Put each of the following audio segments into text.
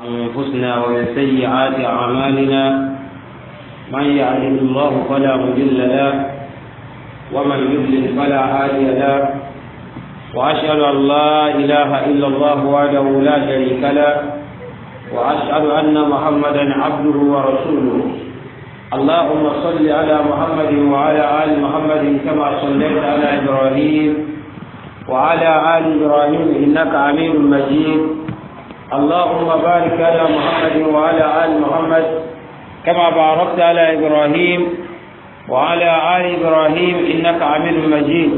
أنفسنا ومن سيئات أعمالنا من يعلم الله فلا مضل له ومن يضلل فلا هادي له وأشهد أن لا إله إلا الله وحده لا شريك له وأشهد أن محمدا عبده ورسوله اللهم صل على محمد وعلى آل محمد كما صليت على إبراهيم وعلى آل إبراهيم إنك عميم مجيد اللهم بارك على محمد وعلى آل محمد كما باركت على إبراهيم وعلى آل إبراهيم إنك عميد مجيد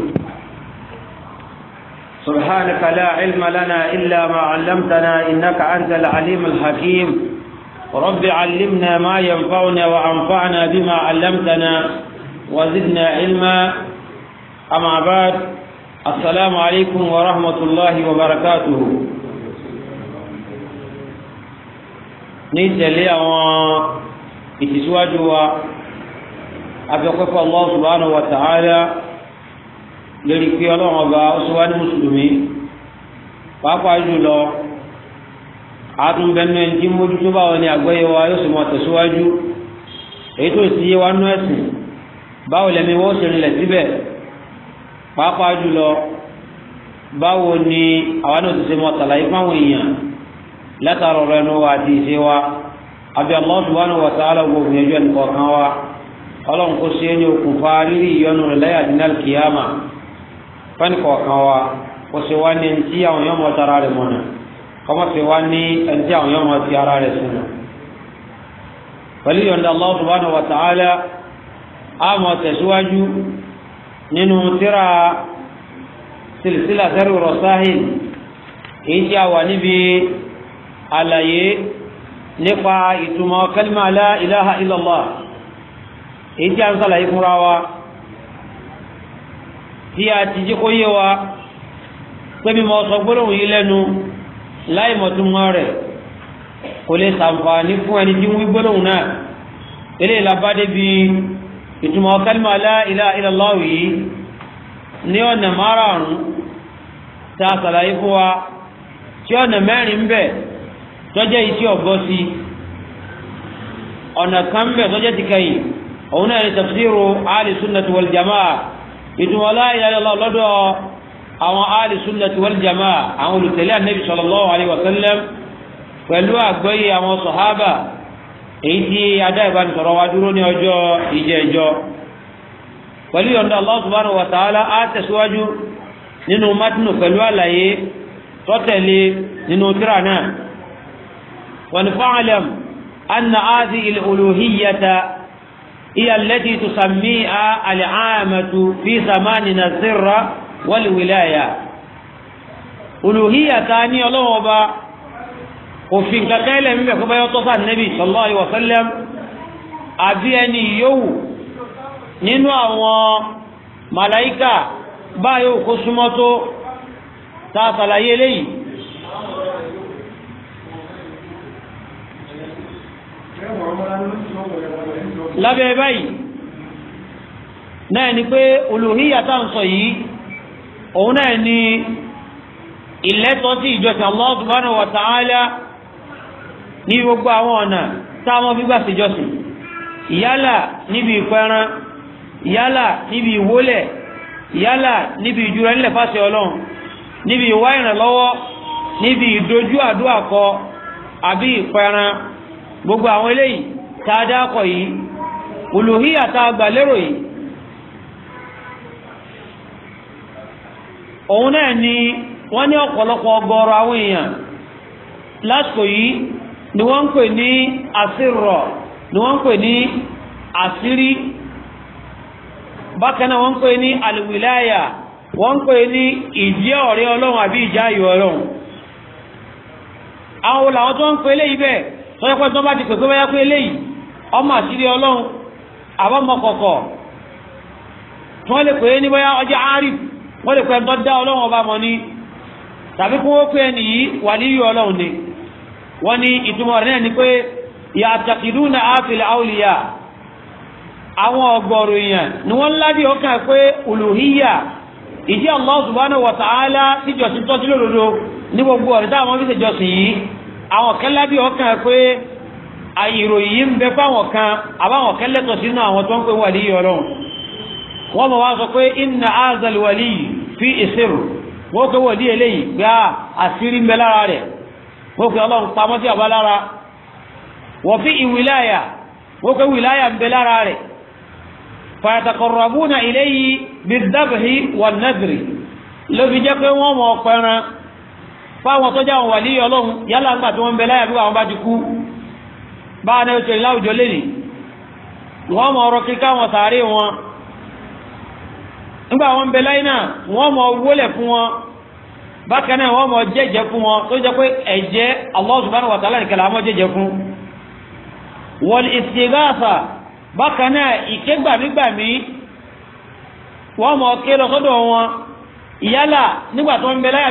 سبحانك لا علم لنا إلا ما علمتنا إنك أنت العليم الحكيم رب علمنا ما ينفعنا وأنفعنا بما علمتنا وزدنا علما أما بعد السلام عليكم ورحمة الله وبركاته ní ìtẹ̀lé àwọn ìtìsíwájú wa afẹ́kọ́fẹ́ Allah subhanahu wa ta'ala lórí pé ọlọ́run ọba ó sọ wá ní mùsùlùmí pàápàá jùlọ àtúnbẹ́nu ẹni tí mójútó báwọn ni àgbẹ̀yẹ wa yóò sì mọ tẹ̀síwájú èyí tó sì yé wa nú ẹ̀sìn báwo lẹ́mi wọ́n ṣe rìnlẹ̀ síbẹ̀ pàápàá jùlọ ni látara ọ̀rọ̀ ẹnu wa àti ìṣe wa àbí Allah subhanahu wa ta'ala gbogbo ìyẹjú ẹnì kọ̀ọ̀kan wa ọlọ́run kò ṣe é ní okùnfà rírì ìyọnu rẹ̀ lẹ́yà dínà kìyàmà fẹ́ni kọ̀ọ̀kan wa kò ṣe wá ní ẹntì àwọn yóò mọ tara rẹ̀ mọ̀nà kọ́mọ̀ ṣe wá ní ẹntì àwọn yóò mọ ti ara rẹ̀ sùn. pẹ̀lú ìyọ̀nda Allah subhanahu wa ta'ala a mọ̀ tẹ̀síwájú nínú tíra silsila sẹ́rù rọ̀ sáhìn kì í ṣe àwà níbi àlàyé nípa ìtumọ̀ kalima la ilaha illallah èyí tí a ń sàlàyé fúnra wa tí a ti jí kó yé wa pé mi mọ sọ gbólóhùn yìí lẹ́nu láì mọ̀ túmọ̀ rẹ̀ kò lè ṣàǹfààní fún ẹni tí wí gbólóhùn náà eléyìí la débi ìtumọ̀ kalima la ilaha illallah yìí ní ọ̀nà márààrún tá a sàlàyé fún wa tí ọ̀nà mẹ́rin bẹ́ẹ̀ tọ́jẹ́ iṣẹ́ ọ̀bọ sí ọ̀nà kan bẹ̀ tọ́jẹ́ ti kẹ́yìn òun náà ní tafsiru ali sunnati wal jamaa ìtumọ̀ la ilaha illallah lọ́dọ̀ àwọn ali sunnati wal jamaa àwọn olùtẹ̀lé anabi sallallahu alayhi wa sallam pẹ̀lú àgbọ́yé àwọn sọ̀hábà èyí tí adá ìbánisọ̀rọ̀ wa dúró ní ọjọ́ ìjẹ́jọ́ pẹ̀lú yọ̀ǹda Allah subhanahu wa ta'ala á tẹ̀síwájú nínú mátínù pẹ̀lú àlàyé tọ́tẹ̀lé nínú tíra náà ونفعلم أن هذه الألوهية هي التي تسميها العامة في زماننا الذرة والولاية ألوهية ثانية لغبة وفي كتابة من بكبا يوتصى النبي صلى الله عليه وسلم أبيني يو نينو أوان ملائكة báyìí kó súnmọ́ tó tá a ṣàlàyé léyìí lábẹ́ báyìí náà ni pé olùhíyà tá à ń sọ yìí òun náà ni ìlẹ́tọ̀ sí ìjọsìn Allah subhanahu wa ta'ala ní gbogbo àwọn ọ̀nà táwọn gbígbà síjọsìn yálà níbi ìfẹ́ràn yálà níbi ìwólẹ̀ yálà níbi ìjura nílẹ̀ fásitì ọlọ́run níbi ìwá ìrànlọ́wọ́ níbi ìdojú àdúrà kọ àbí ìfẹ́ràn gbogbo àwọn eléyìí ta a dákọ̀ yìí uluhiyya tá a yìí òun náà ni wọ́n ní ọ̀pọ̀lọpọ̀ ọgọ́rọ̀ àwọn èèyàn lásìkò yìí ni wọ́n ń pè ní àsìrọ̀ ni wọ́n ń pè ní àsírí bákan náà wọ́n ń pè ní àlùwìláyà wọ́n ń pè ní ìjẹ́ ọ̀rẹ́ ọlọ́run àbí ìjà ayò ọlọ́run ọmọ àṣírí ọlọ́run àbọ̀mọkọ̀kọ̀ tí wọ́n lè pè é ní bóyá ọjọ́ àárìf wọ́n lè pè é dá ọlọ́run ọba mọ̀ ni tàbí kí wọ́n pè é nìyí ọlọ́run ni wọ́n ní ìtumọ̀ rẹ̀ ni pé yàtàkìlú na àwọn èèyàn ni wọ́n ládì ọkàn pé olùhíyà ìdí Allah subhanahu ìròyìn yìí ń bẹ fáwọn kan àbáwọn kan lẹ́tọ̀ọ́ sínú àwọn tó ń pè wàlí ọlọ́run wọ́n azal fi ìṣirò wọ́n pè wàlí eléyìí pé ah, àṣírí ń bẹ lára rẹ̀ wọ́n pè ọlọ́run pamọ́ sí àbá lára wọ́n fi ìwìláyà wọ́n pè wìláyà ń bẹ lára rẹ̀ fàtàkọ̀rọ̀bùnà iléyìí bí dábìhì wà ló fi jẹ́ pé bá a ní oṣù láwùjọ lẹ́nu wọ́n mọ ọ̀rọ̀ kíkà wọn sàárè wọn nígbà wọn bẹ láyé náà wọ́n mọ wọlé fún wọn bákan náà wọ́n mọ jẹjẹ fún wọn tó jẹ pé ẹ̀jẹ̀ Allah subhanahu wa ta'ala nìkan làwọn jẹjẹ fún wal istighatha bákan náà ìkégbàmígbàmí wọ́n mọ kí lọ sọ́dọ̀ wọn ìyálà nígbà tó ń bẹ láyé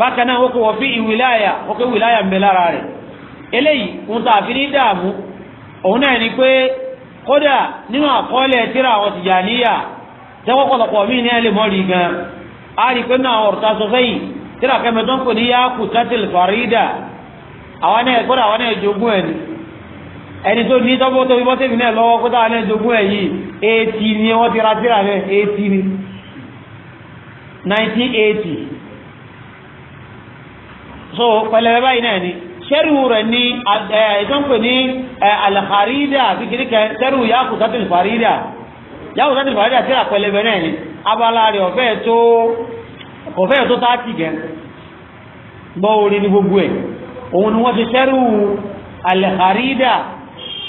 bákan náà wọ́n kò wọ́n fi ìwìláyà wọ́n kò ìwìláyà ń rẹ̀ eléyìí ohun tá ní dààmú òun náà ni pé kódà nínú àkọọ́lẹ̀ tíra àwọn Tìjàníyà tẹ́wọ́ pọ̀lọpọ̀ mí ní ẹlẹ́mọ́ rí gan a rí pé náà ọ̀rọ̀ ta tíra farida àwọn náà kódà àwọn náà jogún ẹni ẹni tó ní tó bọ́ náà lọ́wọ́ kódà àwọn jogún ni wọ́n tíra náà eighty ni nineteen eighty. so pẹlẹbẹ báyìí náà ni sẹ́rù rẹ̀ ní ẹ̀ẹ́dọ́npẹ̀ ní alàkàrídà kékeré kan sẹ́rù yakusatil farida yakusatil farida tíra pẹlẹbẹ náà ni abala rẹ̀ ọ̀fẹ́ tó ọ̀fẹ́ tó táàtì gẹ̀ gbọ́ orí ní gbogbo ẹ̀ òun ni wọ́n ti sẹ́rù alàkàrídà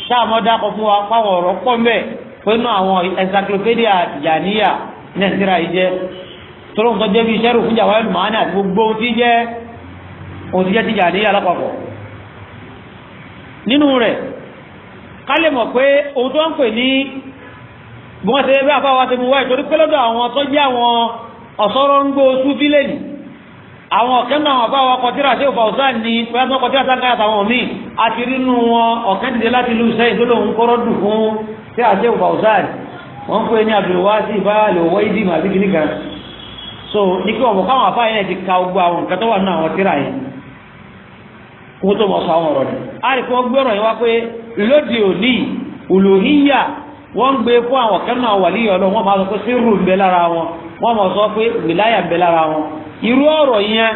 sáàmọ́ dákọ̀ fún wa pàwọ̀ ọ̀rọ̀ pọ̀ mbẹ́ pẹ̀lú àwọn encyclopedia Tijaniya nàìjíríà yìí jẹ́ tó lóun tó jẹ́ bí sẹ́rù fún jàwáyé lùmọ́ òun ti jẹ́ Tìjàníyà lápapọ̀ nínú rẹ̀ ká lè mọ̀ pé ohun tó ń pè ní bí wọ́n ṣe bẹ́ẹ̀ àfáà wa ti mú wáyé torí pé lọ́dọ̀ àwọn tó jẹ́ àwọn ọ̀sọ́rọ̀ ń gbó àwọn kọtíra ṣé ni wọ́n kọtíra wọn láti sẹ́yìn tó lòun kọ́rọ́ dùn fún ṣé àṣẹ ọ̀sán wọ́n pè ní abdulwasi so ike ti ka gbogbo àwọn nǹkan kó tó mọ̀ sọ àwọn ọ̀rọ̀ rẹ̀ a lè fi wọ́n yẹn wá pé lóde òní uluhiyya wọ́n ń gbé fún àwọn kan náà wà níyọ̀ lọ́wọ́ wọ́n máa sọ pé sírù ń bẹ lára wọn wọ́n máa sọ pé wìláyà ń bẹ lára wọn irú ọ̀rọ̀ yẹn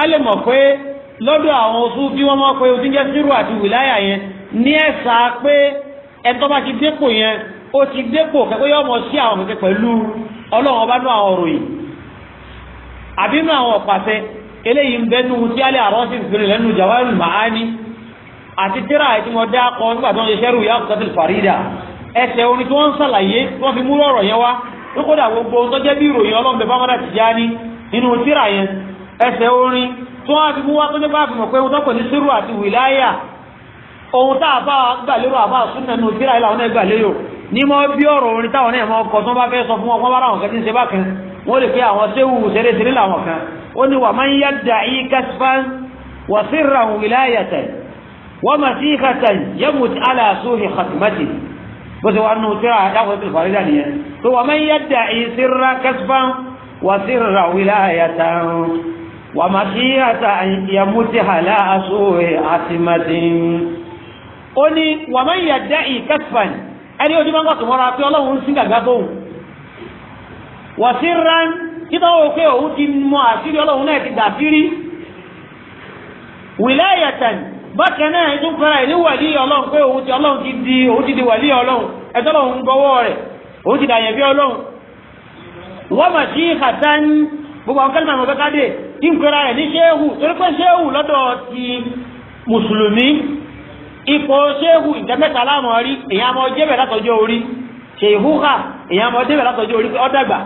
a lè mọ̀ pé lọ́dọ̀ àwọn oṣù bí wọ́n mọ̀ pé jẹ́ sírù àti wìláyà yẹn ní ẹ̀sà pé ẹ̀tọ́ bá ti dépò yẹn ó ti dépò kẹ́kọ́ yọ ọmọ eléyìí ń bẹnu tí alẹ́ àrọ́ sì fèrè lẹ́nu jawari ma'ani àti tíra àti wọn dá kọ nígbà tí wọn ṣe ṣẹ́rù ìyá ọ̀sán farida ẹsẹ̀ orin tí wọ́n ń ṣàlàyé tí wọ́n fi mú lọ́rọ̀ yẹn wá ní kódà gbogbo ohun tó jẹ́ bí ìròyìn ọlọ́mọbẹ bámọ́dá Tijani nínú tíra yẹn ẹsẹ̀ orin tí wọ́n fi mú wá tó jẹ́ bá fi mọ̀ pé ohun tó pè ní sírù àti wìláyà ohun tá a bá gbà lérò àbá súnà nínú tíra yìí làwọn náà gbà lérò ní mọ́ bí ọ̀rọ̀ orin táwọn náà mọ́ ọkọ̀ tó bá fẹ́ sọ fún wọn kọ́ bá ra àwọn kan tí ń ṣe bákan wọ́n lè pe àwọn séwù ṣeré làwọn kan ó ní wà máa ń yá dà í kásfán wà sí ràhùn wìláyàtà wọ́n mà sí kàtà yẹ́mu aláṣọ ìkàtìmátì bó ṣe wà nù tíra àdáwọ̀ tó fàrídà nìyẹn tó wà máa ń yá dà í sírra kásfán wà sí ràhùn wìláyàtà wà mà sí kàtà yẹ́mu aláṣọ ìkàtìmátì ó ẹni ojú ń kọ́ sọ̀mọ́ra pé ọlọ́run ń sìn gàgá tóun wà sí títọ́ wo pé òun ti mọ àṣírí ọlọ́run náà ti dà sírí wìláyàtàn bákan náà ẹ tún fara ẹ ní wàlí ọlọ́run pé òun ti ọlọ́run ti di òun ti di wàlí ọlọ́run ẹtọ́ lọ́run gbọ́wọ́ rẹ̀ òun ti dàyẹ̀ bí ọlọ́run wọ́n mà sí hàtán gbogbo àwọn kẹ́lẹ́mà àwọn kẹ́kẹ́ dé tí ń fara ẹ ní ṣéhù torí pé ṣéhù lọ́dọ̀ ti mùsùlùmí ipò ṣéhù ìjẹ́mẹ́ta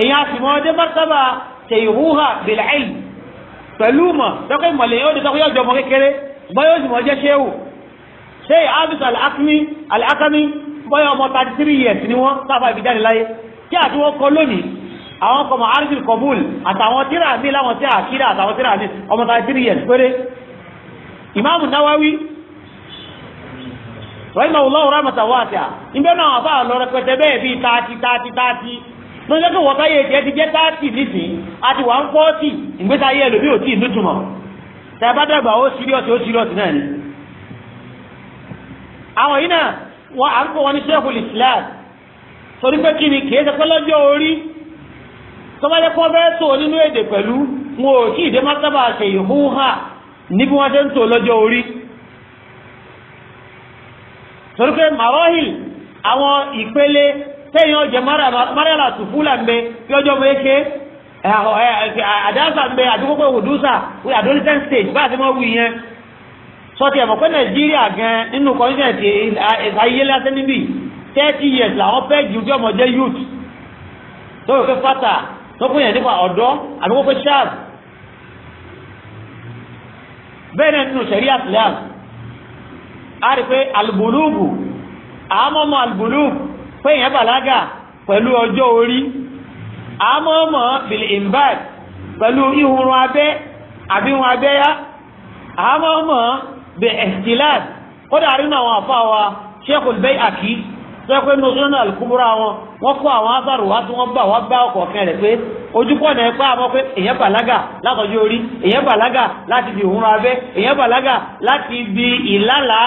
èyàn sì mọ ọdẹ mọ́sábà ṣèyíhúhà bìláì pẹ̀lú mọ̀ tọ́kọ̀ ìmọ̀lẹ̀ yóò di tọ́kọ̀ yóò jọmọ kékeré bọ́yọ̀ sì mọ jẹ́ ṣéwù ṣé abis alakami alakami bọ́yọ̀ ọmọ thirty three years ni wọ́n sábà ìbíjáde láyé kí àti wọ́n kọ lónìí àwọn kọmọ arjil kọbul àtàwọn tíra mi láwọn tíra àkídà àtàwọn tíra mi ọmọ thirty three years péré ìmáàmù náwáwí rahimahullahu rahmatan wasi'a ìbẹ́nu àwọn afáà lọ rẹpẹtẹ bẹ́ẹ̀ bíi taati taati taati lọ́jọ́ tó wọ́tá yẹ jẹ́ ti jẹ́ táàtì nísìn àti wà ń fọ́ọ̀tì ìgbésà ayé ẹlòmí ò tí ì nútùmọ̀ tẹ̀bá dàgbà ó síríọ̀sì ó náà ni. àwọn yìí náà wọ́n à ń kọ́ wọn ní sẹ́kùl islam torí pé kí ni kìí ṣe pé lọ́jọ́ orí tọ́bájá kọ́ bẹ́ẹ̀ tó nínú èdè pẹ̀lú wọn ò tí ì dé mọ́tàbà ṣe ìhúhà ní bí wọ́n ṣe ń tò lọ́jọ́ orí torí pé màrọ́hìl àwọn ìpele sẹ́yìn ọ̀jẹ̀ mọ́rẹ́là tùfúlà ń bẹ kí ọjọ́ bó ṣe àdáṣà ń bẹ àdúgbò òdúṣà adolescent stage bá a ti mọ́ wù yẹn sọ́tì ẹ̀mọ̀ pé nàìjíríà gan nínú kọ́ńtẹ̀ǹtì ayé lásán níbí thirty years làwọn fẹ́ ju bí youth tó fata tó kún yẹn nípa ọ̀dọ́ àdúgbò pé sharp bẹ́ẹ̀ náà nínú a rí pé pé èèyàn bàlágà pẹ̀lú ọjọ́ orí àmọ́mọ́ bìlì ìmbàd pẹ̀lú ihun abẹ́ àbíhun abẹ́yá àmọ́mọ́ bìlì ẹ̀sìtìláàd ó dàrí nù àwọn àfa wa Sheikhul Bayhaqi sẹ́kọ̀ọ́ inú sọ́nà àlùkùbúrà wọn wọ́n kó àwọn asàrò wá tí wọ́n bá wá bá ọkọ̀ kan rẹ̀ pé ojúkọ̀nà ẹ̀pá àmọ́ pé èèyàn bàlágà látọjú orí èèyàn bàlágà láti di ìhun abẹ́ èèyàn bàlágà láti di ìlàlàá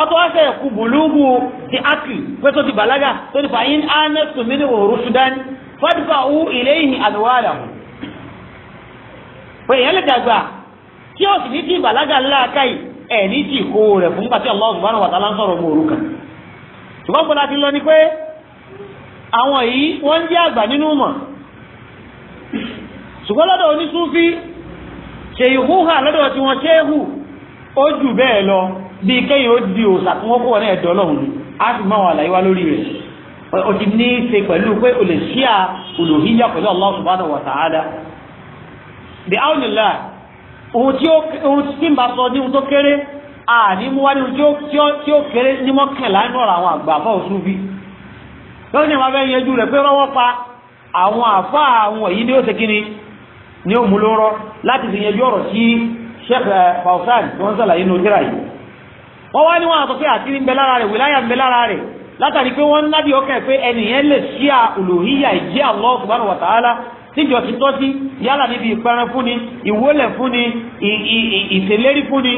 ọtọ́ wá sẹ́yìn kú bùlùgù ti akì pé tó ti bàlágà tó ti fàyín ánẹ́sùn mi ní òru sudan fọ́dùfà wú ilé ìhìn àdúwàlà pé èèyàn lè dàgbà tí ó sì ní ti bàlágà ńlá káì ẹ̀ ní ti kó rẹ̀ fún pàtí Allah subhanahu wa ta'ala sọ̀rọ̀ ọmọ òrukàn ṣùgbọ́n kọ́lá ti lọ ni pé àwọn yìí wọ́n jẹ́ àgbà nínú mọ̀ ṣùgbọ́n lọ́dọ̀ onísúfí ṣèyí húhà lọ́dọ̀ tí ṣéhù ó jù bẹ́ẹ̀ lọ bíi kẹ́yìn ó di òòsà kí wọ́n kó wọn náà dọ́ lọ́hùn ni á sì máa wọn àlàyé wá lórí rẹ̀ ó ti ní í ṣe pẹ̀lú pé o lè ṣíà olùhíyà pẹ̀lú Allah subhanahu wa ta'ala bí àwọn ìlà ohun tí ó ohun tí ń bá sọ ní ohun tó kéré àní mú wá ní ohun tí ó kéré ní mọ́kànlá nínú ọ̀rọ̀ àwọn àgbà àbọ̀ òṣù bí lọ́wọ́ ní àwọn abẹ́ rẹ̀ pé rọ́wọ́ pa àwọn àfa àwọn èyí ni ó ṣe kíni ni ó mú lóró láti fi yẹn ọ̀rọ̀ sí Sheikh eh, Fawzan tí wọ́n sàlàyé ní ojúra yìí wọ́n wá ní wọn àtọ́ pé àtìrí ń bẹ lára rẹ̀ wìláyà ń bẹ lára rẹ̀ látàrí pé wọ́n nádìí ọkàn pé ẹnìyẹn lè ṣí à olùhíyà ìjẹ́ Allah subhanahu wa ta'ala tíjọ ti tọ́ sí yálà níbi ìparun fúnni ìwólẹ̀ fúnni ìṣèlérí fúnni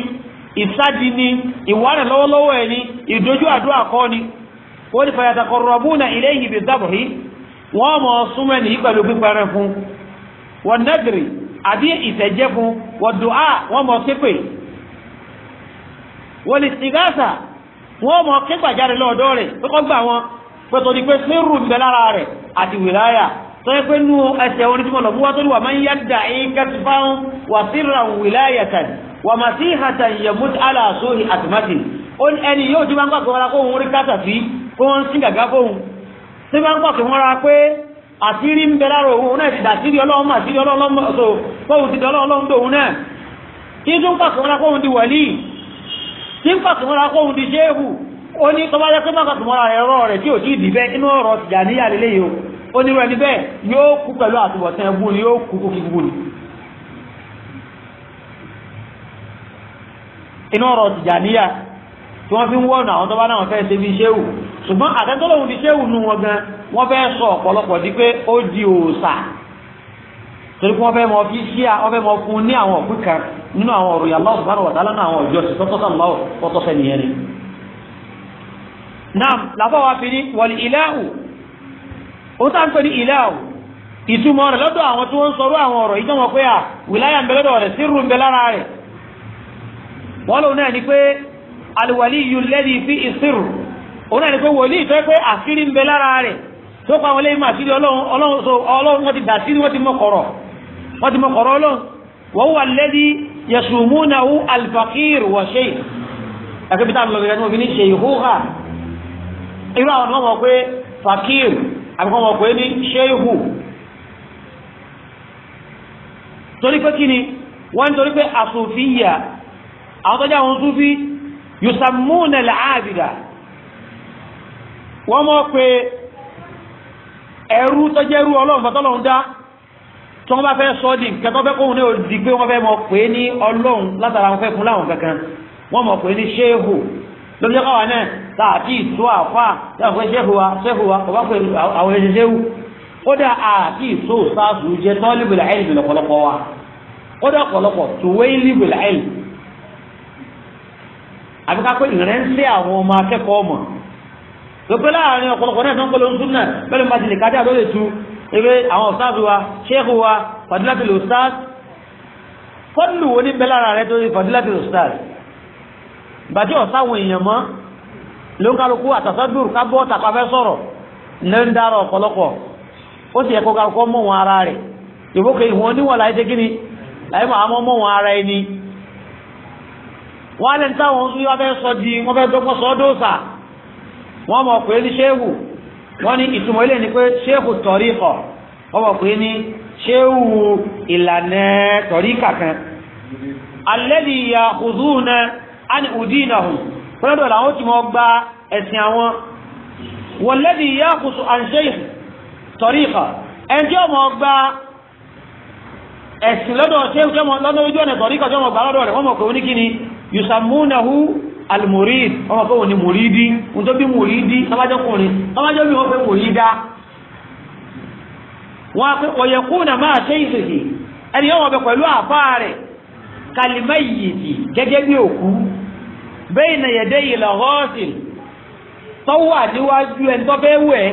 ìsádi ni ìwárẹ̀ lọ́wọ́lọ́wọ́ ẹ̀ ni ìdojú àdúrà kọ́ ni ó ní fayataqarrabuna ilayhi bidhabhi wọ́n mọ̀ súnmọ́ ẹni yìí pẹ̀lú píparun fún wọn nadri àbí ìtẹ̀jẹ́ fún wọn du'a wọ́n mọ̀ ṣépè wọ́n lè sìgáàsà wọ́n mọ̀ kégbàjáde lọ́dọ̀ rẹ̀ pé kọ́ gbà wọn pé torí pé sírù ń bẹ lára rẹ̀ àti wìláyà tó yẹ pé nú ẹsẹ̀ orin tí mo lọ búwá tó ní wà máa ń yá dà í kẹsìfáwọn wà sírà wìláyà tàn wà má sí hàtà yẹmúd aláàsóhì àtìmátì ẹni yóò ti òun náà ti dàṣírí ọlọ́run àṣírí ọlọ́run tó fóun ti òun náà kí tún pàṣẹ wọn ra kó wọn di wàlíì nígbà tó mọ́ra kóhun di ṣéèkù ó ní tọ́ba jẹ́ pé mọ́kà tó ẹ̀rọ rẹ̀ tí ò tí ì dì inú ọ̀rọ̀ tìjà níyà lélẹ́ yìí ó ní rẹ̀ níbẹ̀ yóò kú pẹ̀lú àtúbọ̀tán ẹbú ni yóò kú kú kíkú ni. inú ọrọ tìjà tí fi sọ torí pé wọ́n fẹ́ mọ fi ṣí wọ́n fẹ́ mọ fún ní àwọn òpin kan nínú àwọn ọ̀rọ̀ yàrá ọ̀sùn àwọn ìjọsìn lọ́wọ́ nìyẹn ni. na làbọ̀ wa fi wọ̀lì ó ń pè ní ìtumọ̀ rẹ̀ lọ́dọ̀ àwọn tí wọ́n ń àwọn ọ̀rọ̀ ìjọ́ wọn pé à wìláyà ń bẹ lọ́dọ̀ rẹ̀ sírù ń bẹ lára rẹ̀ wọ́n ni ni wọ́n ti mọ kọ̀rọ̀ ọlọ́run wọ́n wà lẹ́dí yasumunahu alfaqir wa sheikh ẹ̀kẹ́bí tá a lọ gẹ́gẹ́ tí wọ́n fi ní sheikhuha irú àwọn ọmọ pé fakir àbíkọ́ ọmọ pé ní sheikhu torí pé kí wọ́n torí pé àsùnfìyà àwọn tọ́jú àwọn súnfì yusamuna al wọ́n mọ̀ pé ẹrú tọ́jú ẹrú ọlọ́run fọ́tọ́lọ́run dá tí wọ́n bá fẹ́ sọ di nǹkan tó fẹ́ kóhun ní odi pé wọ́n fẹ́ mọ̀ pé ní ọlọ́run látara wọn fẹ́ fún láwọn kankan wọ́n mọ̀ pé ní ṣéhù lórí ọkọ̀ wa náà tààtì ìtú àfà yóò fẹ́ ṣéhù wa ṣéhù wa ọba pé àwọn ẹ̀ṣẹ̀ ṣéhù ó dà àti ìtú sáàsù jẹ tán líbìlà ẹ̀lì lọ́pọ̀lọpọ̀ wa ó dà ọ̀pọ̀lọpọ̀ tùwé líbìlà ẹ̀lì àbí ká pé ìrẹ́nsẹ́ àwọn ọmọ akẹ́kọ̀ọ́ mọ̀ lópẹ́ láàrin ọ̀pọ̀lọpọ̀ náà tó ń kọ́ lóun tún náà bẹ́ẹ̀ ló máa ti lè kájà lóye tu ebe àwọn ọ̀sáàbí wa ṣéèkù wa fàdílátìlì ustaz fọ́nlù wo ní bẹ́lára rẹ tó rí fàdílátìlì ustaz bàtí ọ̀sáwọn èèyàn mọ́ ló ń kálukú àtàsọ́dúrù ká bọ́ tàpá fẹ́ sọ̀rọ̀ ló ń dára ọ̀pọ̀lọpọ̀ ó sì yẹ kó kálukú mọ̀ wọn ara rẹ̀ ìwókè ìwọ̀n níwọ̀n láì ṣe kíni láì máa mọ̀ wọn ara ẹni wọ́n á lẹ́ni táwọn wọ́n fẹ́ sọ wọ́n ní ìtumọ̀ ilé ni pé ṣéèkù tọ̀ríkọ̀ wọ́n mọ̀ pé ní ṣéèwù ìlànà tọ̀ríkà kan alẹ́lì ìyá òzúùnà àni udinahum pẹ́lẹ́dọ̀ làwọn ti mọ̀ gba ẹ̀sìn àwọn wọ̀lẹ́dì ìyá kùsù àǹṣẹ́yìn tọ̀ríkà ẹjọ́ mọ̀ gba ẹ̀sìn lọ́dọ̀ ṣéèkù lọ́dọ̀ ojú ọ̀nà tọ̀ríkà almurid ọmọ pé òun ni mùrídí òun tó bí mùrídí ọmọdékùnrin ọmọdébí wọn pé mùrídá wọn pé ọ̀yẹ̀kúnà máa ṣe ìṣèṣì ẹni yóò bẹ pẹ̀lú àfáà rẹ̀ kalimẹ́ yìí gẹ́gẹ́ bí òkú bẹ́ẹ̀ nà yẹ̀dẹ́ yìí lọ họ́ọ̀sìn tó ẹni tó fẹ́ wẹ̀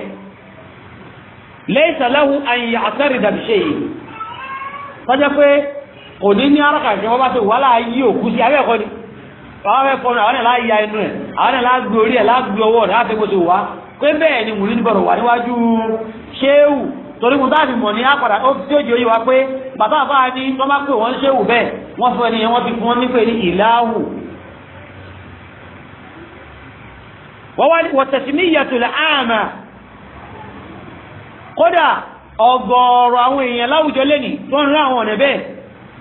lẹ́yìn sàlẹ́hu àyìn àtẹ́rì dàbíṣe yìí tọ́jọ́ pé kò ní arákàṣẹ́ wọn bá ti wàhálà yí òkú sí abẹ́ẹ̀kọ́ ni. báwọn fẹ́ fọ́nà àwọn ẹ̀ ya inú ẹ̀ àwọn ẹ̀ orí ọwọ́ rẹ̀ wá pé bẹ́ẹ̀ ni mùrí wà níwájú ṣéwù torí mo mọ̀ ní àpàdà ó tí ó wa pé bàbá àbá ni wọ́n bá pè wọ́n ṣéwù bẹ́ẹ̀ wọ́n fọ ẹni wọ́n ti fún wọn nípe ní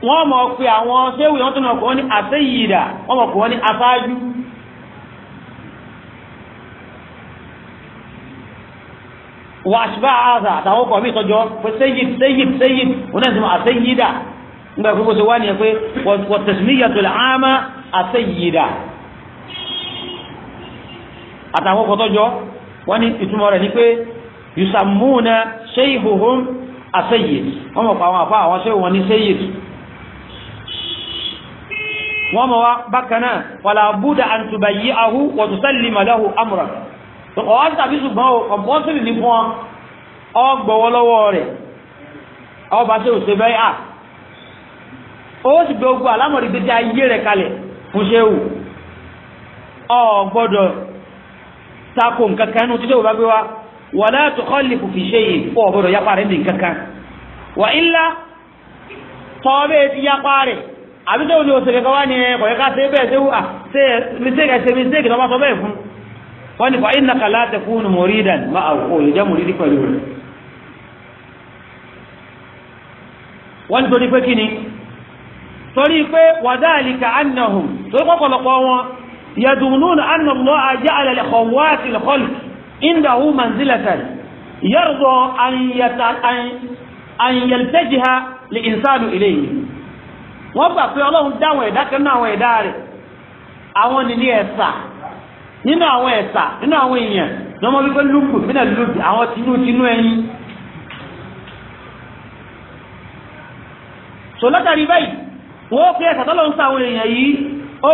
wọ́n mọ̀ pé àwọn séwì wọ́n tún mọ̀ pé wọ́n ní àṣeyìdà wọ́n mọ̀ pé wọ́n ní afáájú. wà á ṣùgbọ́n àṣà àtàwọn ọkọ̀ mi tọjọ́ pé sẹ́yìd sẹ́yìd sẹ́yìd wọ́n náà sì mọ̀ àṣeyìdà nígbà pé kó ṣe wá nìyẹn pé wọ́n tẹ̀síníyà tó lè ámá àṣeyìdà àtàwọn ọkọ̀ tọjọ́ wọ́n ní ìtumọ̀ rẹ̀ ni pé yusammuna shayhuhum àṣeyìd wọ́n mọ̀ pé àwọn àfa àwọn ṣéwì wọn ní sẹ́yìd wọ́n mọ̀ wá bákan náà wàlá búdà àǹtùbà yí ahu wọ̀tún sẹ́lì màláhù amúra ọ̀wá tàbí ṣùgbọ́n o kọ̀m̀pọ́sìlì ní fún ọ gbọ́wọ́ lọ́wọ́ rẹ̀ ọba ṣe òṣè bẹ́ẹ̀ à ó sì gbé ogun àlámọ̀rí gbé ayé rẹ̀ kalẹ̀ fún ṣe wù ọ gbọ́dọ̀ tako nǹkan kan nínú títí òbágbé wa wàlá tọkọ́lì kò fi ṣe yìí fún ọ̀gbọ́dọ̀ yapa rẹ̀ ní nǹkan wà ilá tọ́ bẹ́ẹ̀ ti yapa rẹ̀ àbí tó ní oṣù kẹkẹ wá ní ẹkọ yẹ ká ṣe bẹ́ẹ̀ ṣe wúwa ṣe mistake ẹṣẹ mistake tó bá sọ bẹ́ẹ̀ fún wọn ni kò ayé nàkà láti fún un muridan má àwòkọ yẹ jẹ muridi pẹ̀lú rẹ. wọn ní torí pé kí ni torí pé wadhalika annahum torí pọ̀pọ̀lọpọ̀ wọn yadununa anna Allaha ja'ala al-khawwati al-khalq indahu manzilatan yarda an yaltajiha li insanu ilayhi. wọ́n gbà pé ọlọ́run dáwọn ẹ̀dá kan náà àwọn ẹ̀dá rẹ̀ àwọn nìní ẹ̀sà nínú àwọn ẹ̀sà nínú àwọn èèyàn ní wọ́n wípé lùkù mí lùkù àwọn tinú tinú ẹyin. wọ́n fi ẹ̀sà àwọn èèyàn yìí ó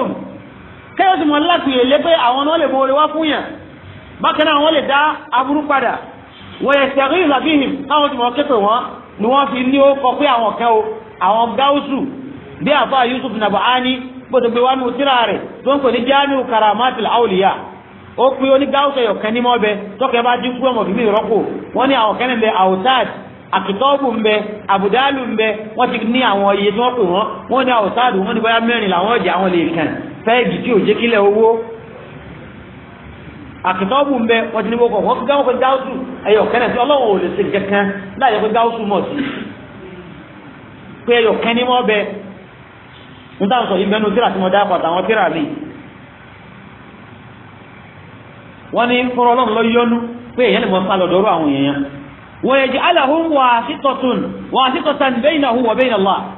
gbé kẹ́yọ́ sì mọ̀ láti èlé pé àwọn náà lè borí wá fún yàn bákan náà wọ́n lè dá aburú padà wọ́n yẹ sẹ́rí ìlàbíhìn táwọn ti mọ̀ képe wọn ni wọ́n fi ní ó kọ pé àwọn kan o àwọn gáúsù bí àfa Yusuf Naba'ani bó ti gbé wá ní òtíra rẹ̀ tó ń pè ní Jamiu Karamatil Awliya ó pé ó ní gáúsù ẹ̀yọ̀ kan ní mọ́ bẹ tọ́kẹ́ bá dín kúrò mọ̀bí ìrọ́pò wọ́n ní àwọn kan nílẹ̀ àwòtáàdì àkìtọ́ọ̀bù ńbẹ àbùdálù ńbẹ wọ́n ti ní àwọn iye tí wọ́n pè wọ́n wọ́n ní àwòtáàdì wọ́n ní bóyá mẹ́rin làwọn ọ̀jà àwọn lè kàn pẹ́ẹ̀gì tí ò jẹ́ kílẹ̀ owó àkìtọ́bù ń bẹ wọ́n ti ní wọ́kọ̀ wọ́n gáwọ́ pé gáwùsù ẹ̀yọ̀ kẹ́nẹ̀ sí ọlọ́run ò lè ṣe kankan láyọ̀ pé gáwùsù mọ̀ sí pé ẹ̀yọ̀ kẹ́ni mọ́ bẹ ń táwọn sọ yìí mẹ́nu tíra tí mo dá àwọn tíra mi wọ́n ní fọ́rọ́ ọlọ́run lọ yọnu pé èèyàn lè mọ pa lọ́dọ̀ọ́rọ̀ àwọn èèyàn wọ́n yẹ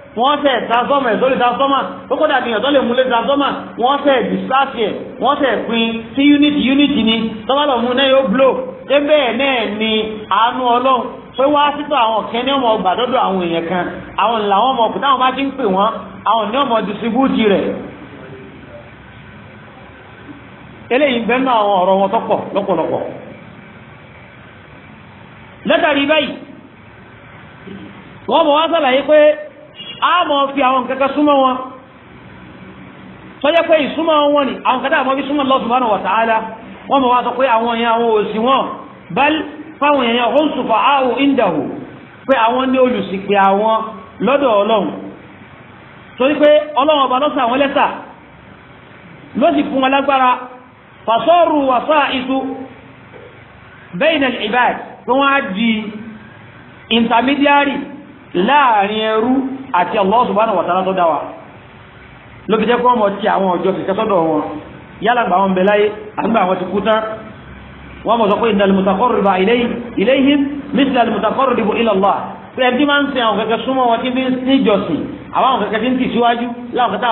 wọ́n fẹ́ transforma ẹ̀ sórí transforma ó kó dàbí ìyàn tó lè múlé transforma wọ́n fẹ́ distract ẹ̀ wọ́n fẹ́ pín sí unit unit ni tọ́bálọ̀ mú náà yóò blow ṣé bẹ́ẹ̀ náà ni àánú ọlọ́run pé wá títọ́ àwọn kẹ́ni ọmọ ọgbà dọ́dọ̀ àwọn èèyàn kan àwọn làwọn ọmọ ọkùnrin táwọn bá ti ń pè wọ́n àwọn ní ọmọ distribute rẹ̀ eléyìí bẹ́ẹ̀ náà àwọn ọ̀rọ̀ wọn tó pọ̀ lọ́pọ̀lọpọ̀ lẹ́tàrí báyìí wọ́n mọ̀ wá sàlàyé pé a mọ̀ fi àwọn kankan súnmọ́ wọn tọ́jẹ́ pé ìsúnmọ́ wọn ni àwọn kankan àmọ́ bí súnmọ́ Allah subhanahu wa ta'ala wọ́n mọ̀ wá sọ pé àwọn èèyàn àwọn òsì wọn bal fáwọn èèyàn ó ń sùfà áwò indahu pé àwọn ní olùsìnkè àwọn lọ́dọ̀ ọlọ́run torí pé ọlọ́run ọba lọ́sàn àwọn lẹ́sà ló sì fún wọn lágbára fasọ́rù wàsá ìtú bayna al wọ́n á di intermediary láàrin ẹrú àti Allah subhanahu wa ta'ala tó dá wa ló fi jẹ́ kó ọmọ ti àwọn ọjọ́ kìkẹ́ sọ́dọ̀ wọn yálà gbà wọn bẹ láyé àgbà àwọn ti kú tán wọ́n mọ̀ sọ pé innal mutaqarriba ilayhim mithla al-mutaqarribi ila Allah pé ẹbí máa ń sin àwọn kẹ̀kẹ́ súnmọ́ wọn tí bí ní ìjọsìn àwọn àwọn kẹ̀kẹ́ tí ń tì síwájú láwọn kẹta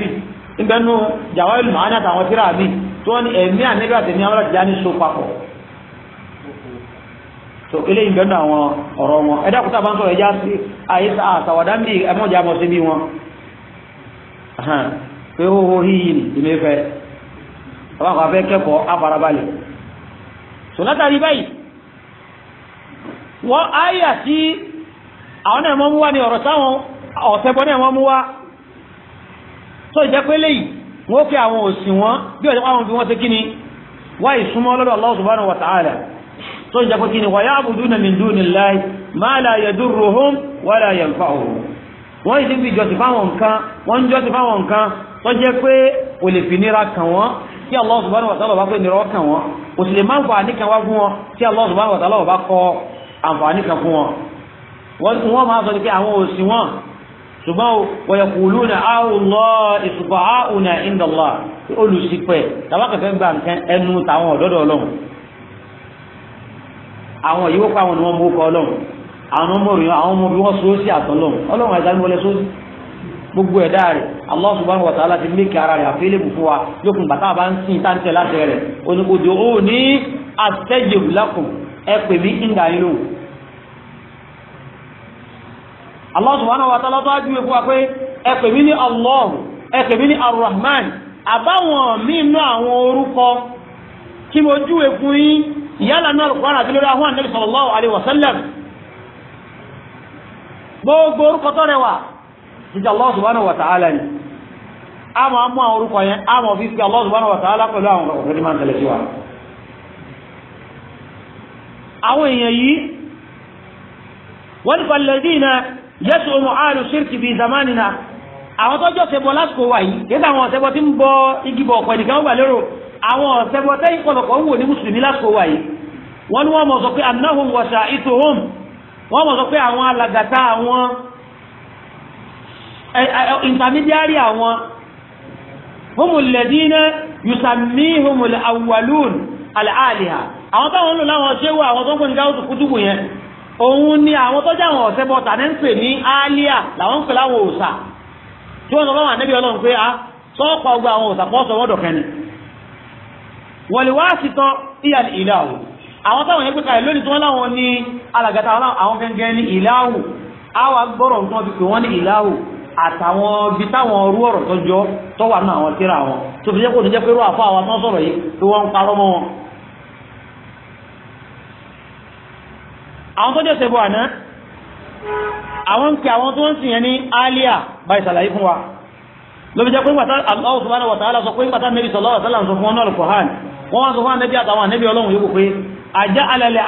àmọ́ nígbẹ́nu jàwáìlì màánà àtàwọn tíra mi tó ní ẹ̀mí àníbí àtẹ̀mí àwọn ọ̀rọ̀ ìjáni so papọ̀ so eléyìí nígbẹ́nu àwọn ọ̀rọ̀ wọn ẹ̀dá kúta bá ń sọ̀rọ̀ ẹja sí àyè àtàwàdá mi ẹmọ́jà mọ̀ sí bí wọn pé ó hó híyì ní ìmẹ́fẹ́ àwọn àwọn afẹ́ kẹ́kọ̀ọ́ afarabalẹ̀ so látàrí báyìí wọ́n áyà tí àwọn náà mọ́ mú wá ní ọ̀rọ̀ táwọn ọ̀sẹ̀gbọ́n náà mọ́ mú wá so ìjẹ́ pé léyìí wọ́n pé àwọn òsì wọn bí ọ̀dẹ́ pàwọn fi wọ́n ṣe kíni wá ìsúnmọ́ lọ́dọ̀ Allah subhanahu wa ta'ala tó ìjẹ́ pé kíni wa ya'buduna min dunillahi ma la yadurruhum wa la yanfa'uhum wọ́n yìí ti fi jọ́sìn fáwọn nǹkan wọ́n ń jọ́sìn fáwọn nǹkan tó jẹ́ pé kò lè fi nira kàn wọ́n tí Allah subhanahu wa ta'ala bá pé nira kàn wọ́n kò sì sọ ní pé àwọn òsì wọn ṣùgbọ́n wọ̀yẹ̀kùlúnà àwùlọ́ ìṣùgbọ́ àwùnà ìndọ̀lá olùsìpẹ̀ tàbákẹ̀fẹ́ gba nǹkan ẹnu tàwọn ọ̀dọ́dọ̀ ọlọ́run àwọn yìí wọ́pọ̀ àwọn ni wọ́n mú kọ́ ọlọ́run àwọn ọmọ òrìyàn àwọn ọmọ bí wọ́n so sí àtọ́ ọlọ́run ọlọ́run àìsàn wọlé so gbogbo ẹ̀dá rẹ̀ Allah subhanahu wa ta'ala ti mékè ara rẹ̀ àfẹ́lẹ́bù fún wa yókùn bàtà bá ń sìn táǹtẹ̀ láti rẹ̀ oníkodò ó ní astajib ẹ pè mí ń Allah subhanahu wa ta'ala tó á júwe fún wa pé ẹ pè mí ní Allah ẹ pè mí ní Ar-Rahman àbáwọn mí inú àwọn orúkọ tí mo júwe fún yín ìyálà náà Al-Qur'an àti lórí ahọ́n Nabi sallallahu alaihi wa sallam gbogbo àwọn orúkọ yẹn a fi fi Allah subhanahu wa ta'ala pẹ̀lú àwọn ọ̀rọ̀ tó máa ń tẹ̀lé sí wa àwọn èèyàn yìí wọ́n ní pàlẹ́dínà yẹtù ọmọ àlù ṣírkì bíi zamanina àwọn tó jọ ṣẹbọ lásìkò wa yìí yẹtù àwọn ọ̀ṣẹbọ tí ń bọ igi bọ̀ ọ̀pọ̀ ẹnìkan wà lérò àwọn ọ̀ṣẹbọ tẹ́yìn pọ̀lọpọ̀ ń wò ní mùsùlùmí lásìkò wa yìí wọ́n ní wọ́n mọ̀ sọ pé anahum wọ̀ṣà ituhum wọ́n mọ̀ sọ pé àwọn alàgàtà àwọn intermediary àwọn humulẹ̀dínà yusami humul awwalun al'aliha àwọn táwọn ń lò láwọn ṣéwà àwọn tó ń pè ní gáwùsù kútùbù yẹn òun ni àwọn tó jẹ́ àwọn ọ̀sẹ̀ bọ́ta ní ń pè ní áálíà làwọn ń pè láwọn òòsà tí wọ́n sọ fún àwọn ànábì pé a ah, sọ́ọ̀pọ̀ ọgbà àwọn òòsà pọ̀ sọ wọ́dọ̀ kẹ́ni wọ̀lì wá sí tán ìyá ní ìlàwù àwọn táwọn yẹn pé kalẹ̀ lónìí tí wọ́n láwọn ní alàgàtà àwọn gẹ́gẹ́ ní ìlàwù àwọn agbọ́rọ̀ tó fi pè wọ́n ní ìlàwù àtàwọn bí táwọn ọrú ọ̀rọ̀ tó jọ tó wà nínú àwọn tíra wọn tó fi jẹ́ kó ní jẹ́ pé irú àfọ àwọn tó ń sọ̀rọ̀ yìí tí wọ́n ń àwọn tó jẹ́ ṣẹbọ àná àwọn ń pè àwọn tó ń sìn yẹn ní alia báyìí ṣàlàyé fún wa lóbi jẹ́ pé ńgbàtà Allah subhanahu wa ta'ala sọ pé ńgbàtà nẹ́bí sallallahu alaihi wasallam sọ fún ọ́nà al-Qur'an wọ́n wá sọ fún anẹ́bí àtàwọn anẹ́bí ọlọ́run yóò pé ajá alẹ́lẹ́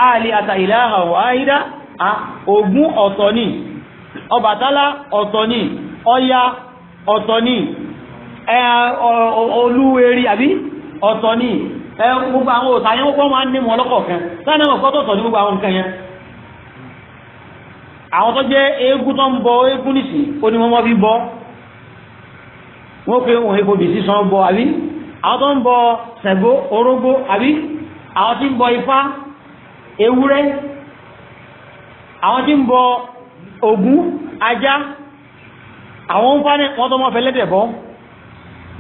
àlẹ́ àwọn tó jẹ́ eégún tó ń bọ eégún nìsín ó ní wọ́n mọ́ fi bọ́ wọ́n pe òun epo bìsí san bọ àbí àwọn tó ń bọ Ṣàngó orógbó àbí àwọn tí ń bọ ifá ewúrẹ́ àwọn tí ń bọ Ògún ajá àwọn ń fáni wọ́n tó mọ́ fẹ́ lẹ́dẹ̀ bọ́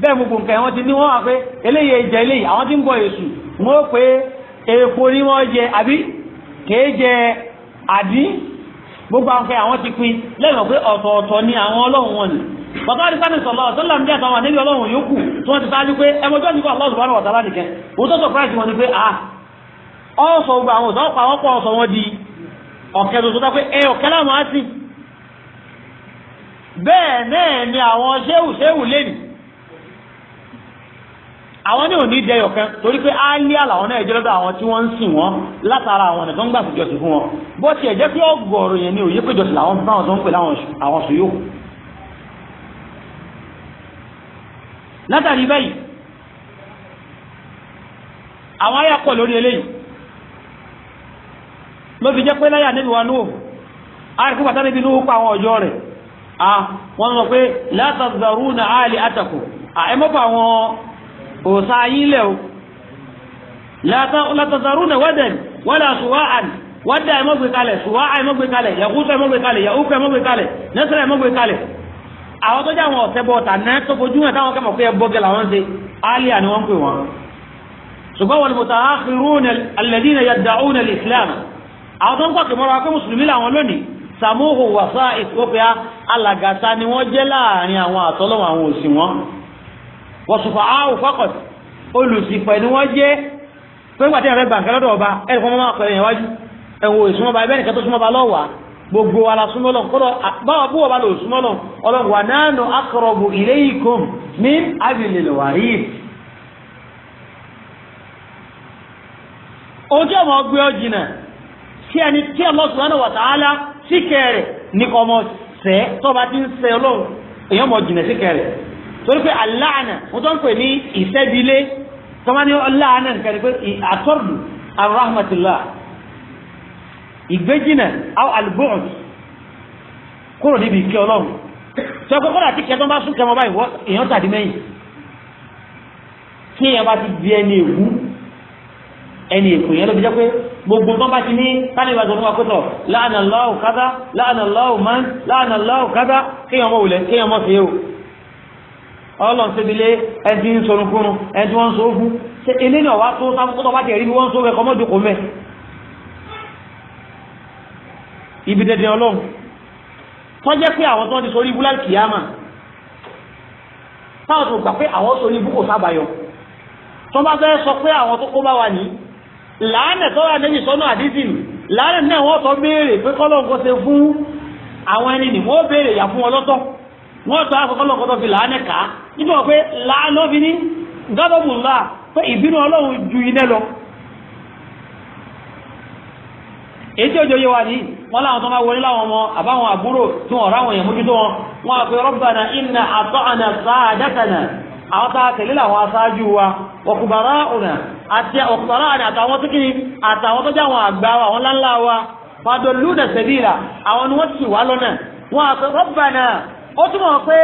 bẹ́ẹ̀ mú kò nǹkan wọ́n ti ní wọ́n wà pé eléyìí ẹ̀jẹ̀ eléyìí àwọn tí ń bọ Èṣù wọ́n pé èèpo ni wọ́n jẹ àbí kèé jẹ àdín gbogbo àwọn kẹyà wọn ti pin lẹ́yìn ọ̀pẹ ọ̀tọ̀ọ̀tọ̀ ni àwọn ọlọ́run wọn ni bàbá arísàmì sọ̀lá ọ̀sọ́lá ní àtàwọn àdébí ọlọ́run yòókù tí wọ́n ti sáájú pé ẹmọjọ́ ní kó Allah subhanahu wa ta'ala nìkẹ́ òun tó surprise wọn ni pé a ah, ọ̀sọ̀ gbogbo àwọn ọ̀sọ̀ pa ọ̀pọ̀ ọ̀sọ̀ wọn di ọ̀kẹ́ tuntun tó pé ẹ eh, ọ̀kẹ́ láwọn á sì bẹ́ẹ̀ náà ni àwọn ṣéwù ṣéwù lénìí àwọn ní òní jẹyọ kan torí pé áálíà làwọn náà jẹ́ lọ́dọ̀ àwọn tí wọ́n ń sìn wọ́n látara àwọn ọ̀nà tó ń gbà sí jọ́sìn fún wọn bó tiẹ̀ jẹ́ pé ọgọ́rùn yẹn ni òye pé jọ́sìn làwọn fún àwọn tó ń pè láwọn sùúyò. látàrí bẹ́yìí àwọn ayé pọ̀ lórí eléyìí ló fi jẹ́ pé láyà níbi wa núwò àrífù bàtà níbi núwò pa àwọn ọjọ́ rẹ̀ wọ́n sọ pé látàzàrú òòsà yín lẹ̀ o látàzàrú na wẹ́dẹ̀n wẹ́dà suwa'an wẹ́dà ẹ̀ mọ́gbé kalẹ̀ suwa'a ẹ̀ mọ́gbé kalẹ̀ yakusa ẹ̀ mọ́gbé kalẹ̀ yahuku ẹ̀ mọ́gbé kalẹ̀ nasara ẹ̀ mọ́gbé kalẹ̀ àwọn tó jẹ́ àwọn ọ̀sẹ̀ bọ̀ ọ̀tà náà tó fojú hàn táwọn kẹ́mọ̀ pé ẹ bọ́gẹ́ làwọn ṣe aliya ni wọ́n pè wọ́n. ṣùgbọ́n wal mutaakhiruna alladhina samuhu wasa ethiopia alàgàtà ni wọ́n jẹ́ láàrin àwọn àtọ́lọ́wọ̀n àwọn òsì wọn wọ̀sùfà áwù fọ́kọ̀t olùsìpẹ̀ ni wọ́n jẹ́ pé gbàtí ẹ̀rẹ́ gbàǹkà lọ́dọ̀ ọba ẹ̀rẹ́ fọ́n máa pẹ̀lú ìyàwájú ẹ̀wọ̀n ìsúnmọ́ba ẹ̀bẹ́ nìkan tó súnmọ́ba lọ́wà gbogbo wa la súnmọ́lọ̀ kọ́lọ̀ báwa bú ọba lò súnmọ́lọ̀ ọlọ́run wà nánú akọrọ̀bù ilaykum ní ní kọ́mọ sẹ́ tọ́ba torí pé aláàánà wọ́n tó ń pè ní ìṣẹ́bílé tọ́mání aláàánà nǹkan ni pé àtọ́rùlù arahmatullah ìgbéjìnà àwọn alùbọ̀n kúrò níbi ìkẹ́ ọlọ́run sọ pé kọ́dà tí kẹtọ́ bá sún kẹmọ báyìí èèyàn tàdí mẹ́yìn tí èèyàn bá ti di ẹni èwú ẹni èkó yẹn ló fi jẹ́ pé gbogbo tó bá ti ní kánìbà tó ń wá kótó láàánà lọ́wọ́ kádà láàánà lọ́wọ́ mọ́ láàánà lọ́wọ́ kádà kéèyàn mọ̀ wùlẹ̀ kéèyàn mọ̀ fi yẹ o ọlọ́n síbi lé ẹdí ń sọnukúrun ẹdí wọ́n ń sọ́ọ́fún ṣe ilé náà wá tó sáfúkútọ̀ bá jẹ̀rí wọ́n ń sọ́ọ́fẹ́ kọ́ mọ́jòkó mẹ́ ibi dẹ̀dẹ̀ ọlọ́run tó jẹ́ pé àwọn tó ti sọ ibú láti kìyàmà táwọn tó gbà pé àwọn sọ ibú kò sábàyọ tó bá fẹ́ sọ pé àwọn tó kó bá wà ní làánẹ̀ tó wà níbi sọ́nà àdísìn làánẹ̀ náà wọ́n sọ béèrè pé kọ́lọ́ wọ́n tọ́ àkọ́kọ́ lọ́kọ́tọ́ fi làánẹ̀ ká nígbà wọ́n pé làánà fi ní gádọ́bù ńlá pé ìbínú ọlọ́run ju iná lọ. èyí tí òjò yé wa ní wọn láwọn tó máa wọlé láwọn ọmọ àbáwọn àbúrò tí wọn ọ̀rá àwọn èèyàn mójútó wọn wọn àpè rọ́bànà iná àtọ́ àná sáàdátànà àwọn tá a tẹ̀lé làwọn aṣáájú wa ọ̀kùbàrá ọ̀nà àti ọ̀kùbàrá àná àtàwọn tó kiri àtàwọn tó jẹ́ àwọn àgbà wa àwọn láńlá wa fàdọ̀lúdà sẹ́bìlà àwọn ni wọ́n ti wà lọ́nà wọn àpè rọ́bànà ó túmọ̀ pé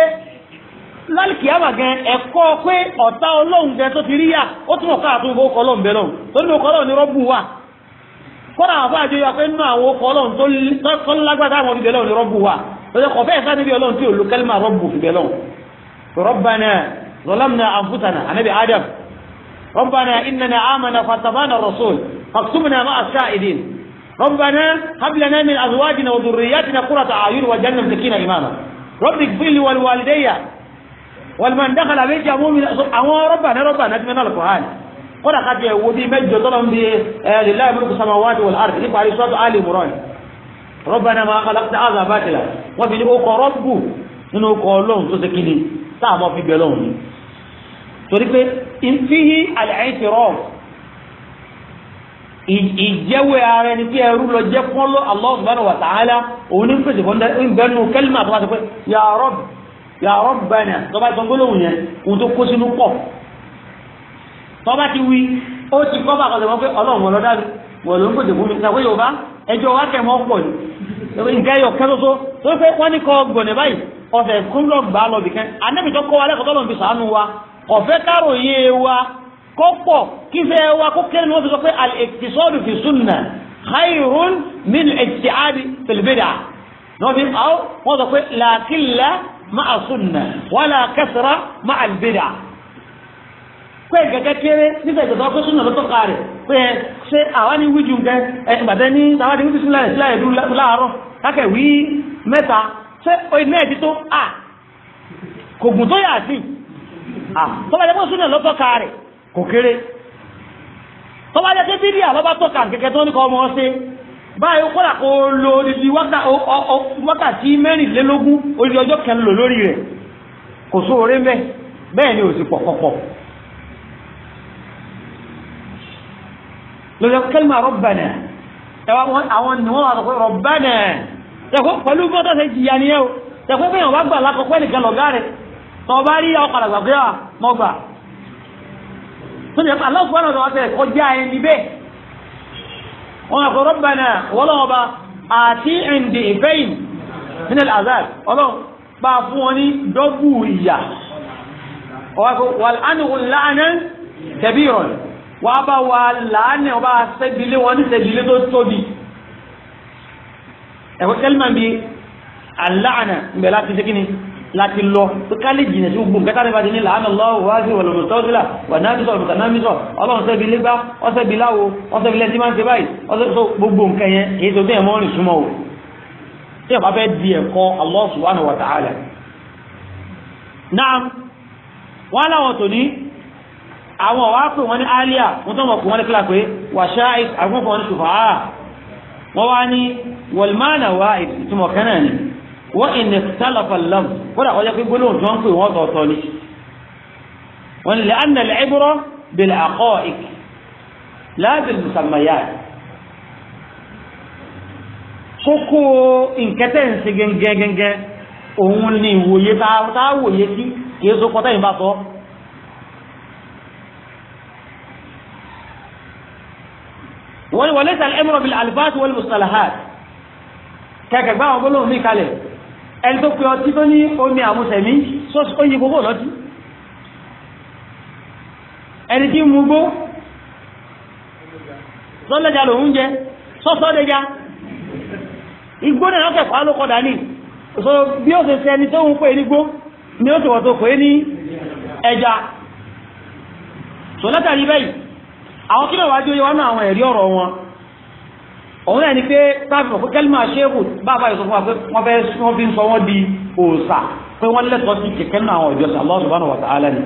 lálìkìyàmà gan ẹ̀kọ́ pé ọ̀tá ọlọ́run gan tó ti rí yà ó túmọ̀ káà tó kọ́ ọlọ́run bẹ́ẹ̀ lọ́run tó ní okọ́ ọlọ́run ní rọ́bù wà kọ́nà àwọn àjọ yà pé nínú àwọn okọ́ ọlọ́run tó lágbàtà àwọn olùbẹ̀ lọ́run ní rọ́bù wà lọ́jọ́ kọ̀ bẹ́ẹ̀ sáré bí ọlọ́run tí ò lo kẹ́límà rọ́bù fi bẹ́ẹ̀ lọ́run rọ́bànà ظلمنا أنفسنا النبي آدم ربنا إننا آمنا فاتبعنا الرسول فاكتبنا مع الشاهدين ربنا هب لنا من أزواجنا وذرياتنا قرة أعين وجنة سكينة إماما rọ́bì gbìlì wàlúwàlúdẹ́yà wàlúmọ̀ndàkàlà méjì àwọn rọ́bà ní rọ́bà náà ti mẹ́ta alukọ̀hálì kódà ká tiẹ̀ wo bí mẹ́jọ tọ́lọ́ ń bí ẹ lílá ìmúlùkù sàmà wá ti wọ̀l àrùn nípa àrísọ́tò àlè mùrọ̀ ni rọ́bà náà máa kọ́lá ti àzà bá tilà wọ́n fi ní o kọ́ rọ́bù nínú kọ́ lóhùn tó ṣe kíni mọ́ fi bẹ̀ lóhùn ni torí pé ìfihì àlẹ́ àìsí rọ́ọ̀bù ìjẹ́wé ara ẹni pé ẹrú lọ jẹ́ fọ́nlọ́ Allah subhanahu wa ta'ala òun ní pèsè fọ́nlọ́ ìgbẹ́nu kẹ́lìmà tó bá sọ pé ya Rabb ya Rabbana tó bá sọ gbólóhùn yẹn òun tó kó sínú pọ̀ tó ti wí ó ti kọ́ bá kọ́sẹ̀ pé ọlọ́run ọlọ́dá mi wọ̀ ló ń pèsè fún mi ṣàkó yorùbá ẹjọ́ wa kẹ̀ mọ́ pọ̀ ní nǹkan ẹyọ kẹ́ soso tó pé wọ́n ní kọ́ kọ́pọ̀ kí fẹ́ wa kó kéré ni wọ́n fi sọ pé al-iqtisadu fi sunna khayrun min al-ijtihadi fil bid'ah náà fi àwọn wọ́n sọ pé la qilla ma'a sunna wala kasra ma'a al-bid'ah pé gẹ́gẹ́ kéré nígbà ìjọba pé súnà lọ́tọ̀ ká rẹ̀ pé ṣé àwa ní wíjù nǹkan ìgbàdẹ́ ní tàwa ní wíjù sílẹ̀ sílẹ̀ láàárọ̀ kákẹ́ wí mẹ́ta ṣé oyin náà ti tó à kò tó yà sí à tó bá yẹ kó súnà lọ́tọ̀ ká rẹ̀ kò kéré tó bá jẹ́ pé bíbí àbábá tọ́ka kẹ̀kẹ́ tó ní kọ́ ọmọ ṣe báyìí kọ́là kó lo odidi wákàtí mẹ́rìnlélógún odidi ọjọ́ kan lò lórí rẹ̀ kò sóore mẹ́ bẹ́ẹ̀ ni ò sì pọ̀pọ̀pọ̀ lórí kẹ́lìmà rọ́bànà àwọn ni wọ́n àtọ̀kọ́ rọ́bànà tẹ̀kọ́ pẹ̀lú bọ́tọ̀ ṣe jìyà ni ẹ́ o tẹ̀kọ́ bẹ́ẹ̀ wọ́n bá gbà lákọ̀ọ́kọ́ nìkan lọ̀gá rẹ̀ tọ́ bá rí ọkọ̀ àgbàgbé wa mọ́gbà tó jẹ́ pé aláwọ̀ fúnra náà tẹ̀ kọjá ẹni bẹ́ẹ̀ wọn àpò rọ́bà náà wọ́lọ́wọ́ bá àti ẹ̀ǹdì ìfẹ́yìn nínú azal ọlọ́run bá fún wọn ní dọ́gbù ìyà wàlánìhùn láàánà tẹ̀bí ìrọ̀lẹ́ wàá bá wà láàánà láti lọ pé ká lè jìnà sí gbogbo nǹkan tàbí bàtí ní làánà lọ́wọ́ wá sí ìwọ̀lọ̀mọ̀ tọ́sílà wà náà tó sọ̀rọ̀ kàná mísọ̀ ọlọ́run sẹ́bi légbá ọ̀sẹ̀bi láwo ọ̀sẹ̀bi lẹ́sí máa ń ṣe báyìí ọ̀sẹ̀bi gbogbo nǹkan yẹn èyí tó tẹ̀yẹ̀ mọ́rin súnmọ́ o tí ọba fẹ́ di ẹ̀kọ́ Allah subhanahu wa ta'ala náà wọ́n láwọn tò ní wọ́n ìní sálàfà lọ́m kódà ọjọ́ pé gbólóhùn tí wọ́n ń pè wọ́n tọ̀ọ̀tọ̀ ni. wọ́n lè an nàlẹ́ ẹ̀bùrọ̀ bẹ̀lẹ̀ àkọ́ ìk láàbẹ̀ mùsàmáyà. kókó nkẹ́tẹ́ ń se gẹ́gẹ́gẹ́gẹ́ òun ni ìwòye tá a wòye sí kì í so kọ́tẹ́ bá sọ. wọ́n ni wọ́n lẹ́sà bẹ̀lẹ̀ àlùfáàsì wọ́n lè mùsàlàhàt kẹ̀kẹ́ gbá gbólóhùn mí kalẹ̀ ẹni tó pe ọtí tó ní omi àmúsẹ̀mí oyin gbogbo lọ́tí ẹni tí mú gbó sọ́lẹ́jà lòun jẹ sọ́sọ́lẹ́jà igbó náà ní so bí ó tó ń pè ní gbó ni ó tó pè ní ẹja so látàrí àwọn òun náà ni pé káfíọ̀ pé kẹ́lí máa ṣéèkù bàbá fún wa pé wọ́n fẹ́ wọ́n fi ń sọ wọ́n di òòṣà pé wọ́n lẹ́tọ̀ọ́ sí kẹ̀kẹ́ nínú àwọn ìjọsìn Allah subhanahu wa ta'ala ni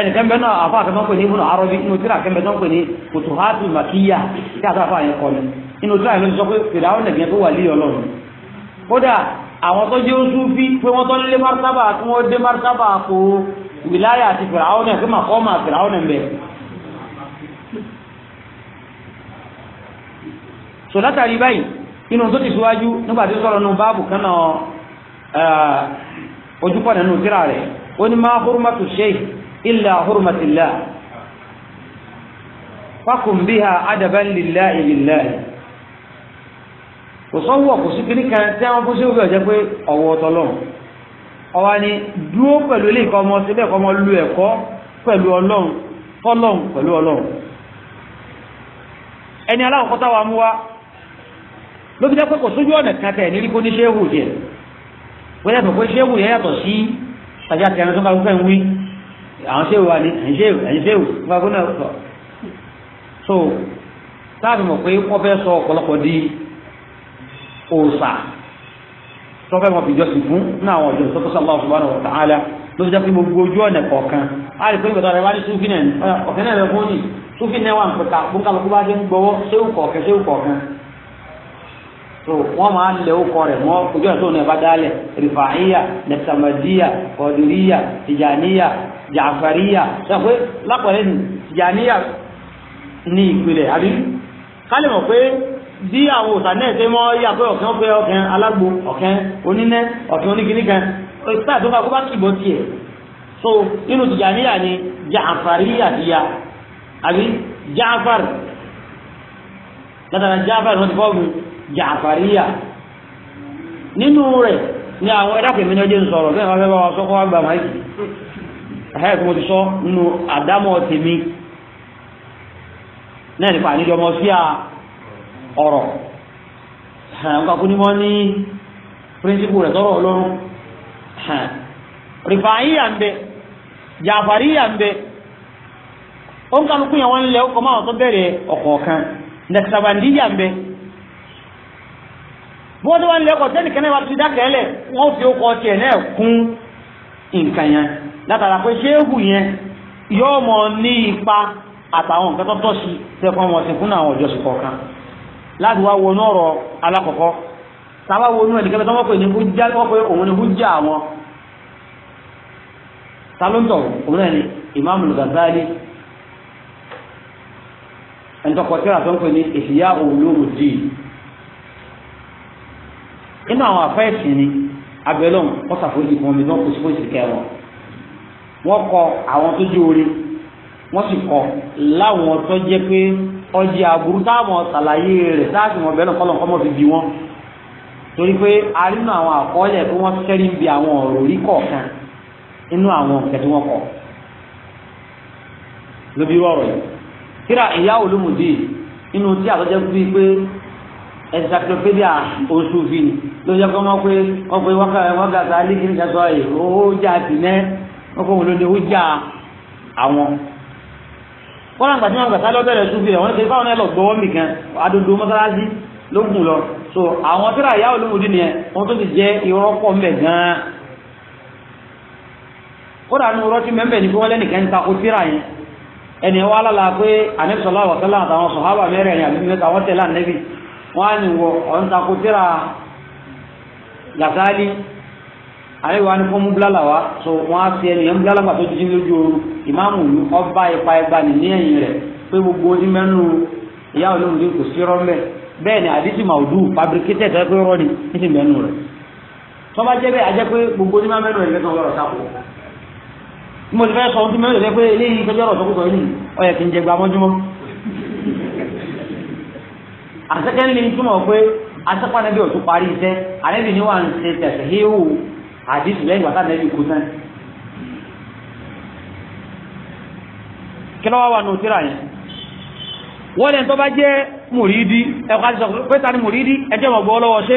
ẹnìkan bẹ́ẹ̀ náà àfa àkẹ́kọ̀ọ́ pè ní ibùnà arọ́bí inú tíra kẹ́kẹ́ náà pè ní kùtùhátì màkíyà tí àtàwọn àfa ni inú tíra yẹn ló sọ pé fìdáwọ́ nẹ̀gẹ́ tó wà lé ọlọ́run kódà àwọn tó jẹ́ oṣù fi pé wọ́n tó lé martaba tí wọ́n dé martaba kó so látàrí báyìí inú tó ti síwájú nígbà tí ó sọ̀rọ̀ nù báàbù kan náà ojúkọ̀ nínú tíra rẹ̀ ó ní máa hurmatu sheikh illa hurmatillah fakùn biha adaban lillahi ilila kò sọ́wọ́ kò sí kiri kan tí wọ́n fún sí òbí ọ̀jẹ́ pé ọ̀wọ́ ọ̀tọ̀lọ́ ọ̀wá ni dúró pẹ̀lú ilé ìkọ́ ọmọ síbẹ̀ kọ́ ọmọ lu ẹ̀kọ́ pẹ̀lú ọlọ́run pẹ̀lú ọlọ́run ẹni ló fi dẹ́pẹ́ sójú ọ̀nà kan tẹ̀ nírí ní ṣéhù yẹ wọ́n yàtọ̀ pé ṣéhù yẹ yàtọ̀ sí tàbí àti ẹran tó bá fẹ́ ń wí àwọn ṣéhù wa ni ẹ̀yìn ṣéhù ẹ̀yìn ṣéhù wọ́n fún náà sọ. so táàbì mọ̀ pé wọ́n sọ ọ̀pọ̀lọpọ̀ di òòṣà tó mọ̀ fìjọ sí fún náà àwọn ọ̀jọ̀ ìsọ́kọ́sọ́ Allah subhanahu wa ta'ala ló fi jẹ́ pé gbogbo ojú ọ̀nà kọ̀ọ̀kan so wọn máa lẹ ó rẹ mọ ojú ẹ tó ní ẹbá dálẹ rifaiya nẹtàmàdíya kọdùríya tìjàníya jàfàríya ṣàpé lápẹrẹ ni tijaniya ni ìpìlẹ̀ àbí kálí mọ̀ pé bí àwọn òsà náà ṣe mọ alágbo so inú tijaniya ni ya àbí látara ti Jafaria, nínú rẹ̀ ni àwọn ẹ̀dàkùnmí ní ọjọ́ ń sọ̀rọ̀ bẹ́ẹ̀ wọ́n fẹ́ bá wa sọ́kọ́ wá gbà máa yìí ẹ̀hẹ́ tí mo ti sọ nínú àdámọ̀ tèmi náà nípa àníjọmọ sí à ọ̀rọ̀ nǹkan kú ni mo ní píríncípù rẹ̀ tọrọ ọlọ́run rìfàáyíyà ń bẹ jàǹfàríyà ń bẹ ó ń kálukú yẹn wọ́n ń lẹ ọkọ̀ máa tó bẹ̀rẹ̀ ọ̀kọ̀ọ̀kan nẹ̀sàbàndíyà ń bẹ bọdụ tó wá ń lẹ́kọ̀ọ́ tẹ́nìkan náà wá ti dákẹ́ wọ́n fi ó kọ́ tiẹ̀ náà kún nǹkan yẹn látara pé ṣéhù yẹn yóò mọ ní ipa àtàwọn nǹkan tó tọ́ tẹ́kọ̀ọ́ wọn sí fún àwọn ìjọsìn kọ̀ọ̀kan láti wá wọnú ọ̀rọ̀ alákọ̀ọ́kọ́ inú àwọn afẹ́ẹ̀sì ni abẹ́lọ́n wọ́n ṣàforíjì fún mi lọ́kùn sípò ìsìnkẹ́ wọn wọ́n kọ àwọn tó jẹ́ orí wọ́n sì kọ láwọn tó jẹ́ pé ọjà àbúrú táwọn ṣàlàyé rẹ̀ láti wọn bẹ́ẹ̀ lọ́kọ́ lọ́kọ́ mọ́ fi bí wọn torí pé a rí inú àwọn àkọọ́lẹ̀ pé wọ́n ń bi àwọn ọ̀rọ̀ orí kọ̀ọ̀kan inú àwọn nǹkan tí kọ lóbi yìí kíra ìyá olómùdí inú tí àtọ́jẹ́ encyclopedia oṣufi ni ló yẹ kó mọ pé ọpẹ wákàtí alíkìrì kan sọ yìí ó jà tìǹẹ wọn kò wọlé ní ó jà àwọn. wọn làǹgbà wọn gbà sálọ bẹ̀rẹ̀ sufi rẹ wọn fáwọn náà lọ adodo mọ́sálásí ló gùn lọ so àwọn tíra ìyá olómodé wọn tó ti jẹ pọ̀ mbẹ gan-an. kódà nu mẹ́mbẹ́ ni fún la pé wọ́n á nìwọ̀ ọ̀n takotira làtàlí àríwá ní fọ́nmú bílálà wa so wọ́n á fi ẹnìyẹn bílálà pàtó jíjí lójú ooru ìmáàmù yìí ọba ipa ẹgba nìní ẹ̀yìn rẹ̀ pé gbogbo ní mẹ́nu ìyá olóhùn kò sí rọ́mẹ́ bẹ́ẹ̀ ni àdìsí màdù fabricated ẹ̀ pé rọ́ọ̀nì ní ti mẹ́nu rẹ̀ tọ́ba jẹ́ bẹ́ẹ̀ ajẹ́ pé gbogbo ní mẹ́nu rẹ̀ lẹ́sàn-án lọ́rọ̀ sápò mo ti fẹ́ sọ ohun tí mẹ́nu rẹ̀ pé eléyìí tọ́jú ọ̀rọ̀ sọ́kùsọ̀ yìí ọ̀yẹ̀ kì í jẹ gbàmọ́júmọ́ àsẹ́kẹ́ndì ní túmọ̀ pé asẹ́pọ̀ anabi ò tún parí iṣẹ́ anabi ni wà ń ṣe tẹ̀sẹ̀ híhù àdìsù lẹ́yìn wàtá anabi kú tán. kílọ̀ wà wà nù tíra yẹn wọ́n lẹ́yìn tó bá jẹ́ mùrídì ẹ̀kọ́ àti sọ̀rọ̀ pé tani mùrídì ẹjẹ́ mọ̀ gbọ́ lọ́wọ́ ṣe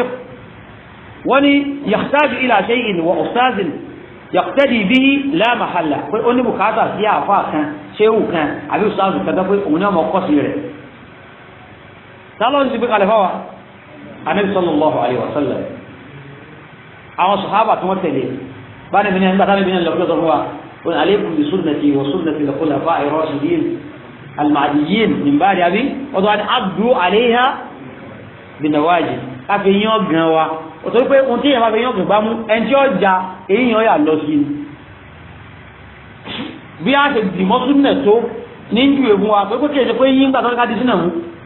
wọ́n ní yàtàdì ilà ṣe ìlú wọ́n ọ̀sáàzìn yàtàdì bí lámàhàlà pé ó ní bùkátà sí àáfàá kan ṣéwù kan àbí ọ̀sáàzìn kan tó pé òun ní ọmọ kọ́sì rẹ̀ tálọ́n ti gbé kalẹ̀ fáwa anabi sallallahu alayhi wa sallam àwọn sòhábà tí wọ́n tẹ̀lé báyìí mi ní ẹni bàtà mi ní ẹni lọ́kọ́ wa wọn alaykum bi sunnati wa sunnati al-khulafa'i ar-rashidin al-mahdiyyin min ba'di abi ọdọ àti abdu alayha binawaji káfí yín ọgàn wa òtò pé ohun tí yẹn bá fi yín ọgàn bá mú ẹni tí ọjà èyí yẹn ọyà lọ sí i bí a ṣe dìmọ́ súnmọ̀ tó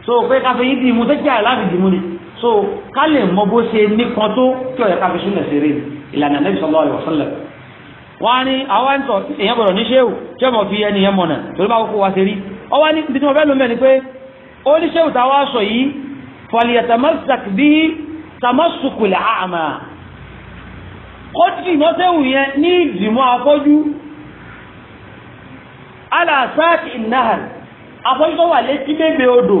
so pé káfí yìí dìímú tó jẹ́ àìláfi dìímú ni so ká lè mọ bó ṣe nípọn tó kí ọ̀yà káfí súnà ṣeré ni ìlànà Ànábì sallallahu alaihi wasallam wọ́n á ní àwa ń sọ èèyàn gbọ́dọ̀ ní ṣéwù tí ọmọ fi ẹni yẹn mọ̀nà torí bá kókó wa ṣe rí ọ wá ní ibi tí mo fẹ́ lò mẹ́ni pé ó ní ṣéwù táwa sọ yìí fọlìyàtàmásàk bí tamasukul àmà ó ti mọ́ ṣéwù yẹn ní ìdìmọ́ afọ́jú aláṣáàkì náà afọ́jú tó wà létí bèbè odò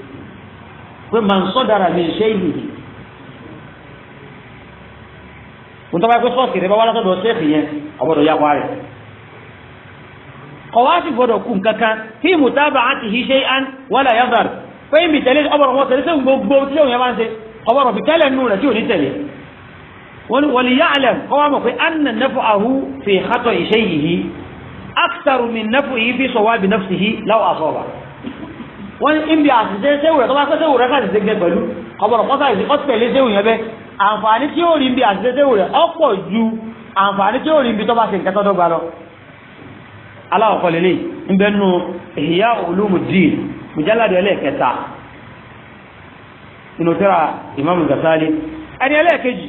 pé màá ń sọ́dára mi ṣe ìlú yìí ntọ́ba pé sọ́ọ̀sì rẹ bá wà látọ̀dọ̀ ṣéèkì yẹn ọ̀gbọ́dọ̀ yá wàá rẹ̀ kọ̀wá sì gbọ́dọ̀ kú nkankan kí mùtábà àti ṣiṣẹ́ án wàlà yàtọ̀ pé ibi tẹ̀lé ọ̀bọ̀rọ̀ wọn tẹ̀lé sẹ́yìn gbogbo tí òun yẹn bá ń ṣe ọ̀bọ̀rọ̀ fi tẹ́lẹ̀ nù rẹ̀ tí ò ní tẹ̀lé wọn wọlé yá àlẹ̀ kọ́wá mọ̀ wọn ní ibi àṣìṣe sẹ́wù rẹ̀ tó bá pẹ́ sẹ́wù rẹ̀ ṣàṣìṣe gẹ pẹ̀lú ọ̀pọ̀lọ̀ kọ́sà ìṣe kọ́ tẹ̀lé sẹ́wù yẹn bẹ́ àǹfààní tí rí àṣìṣe sẹ́wù rẹ̀ ju àǹfààní tí ó rí ibi tó bá ṣe nǹkan tó dọ́gba lọ. aláwọ̀kọ́ lélẹ̀ ń bẹ́ nu Ihya Ulumuddin mujalladu ẹlẹ́ẹ̀kẹta inú tírà ẹni ẹlẹ́ẹ̀kejì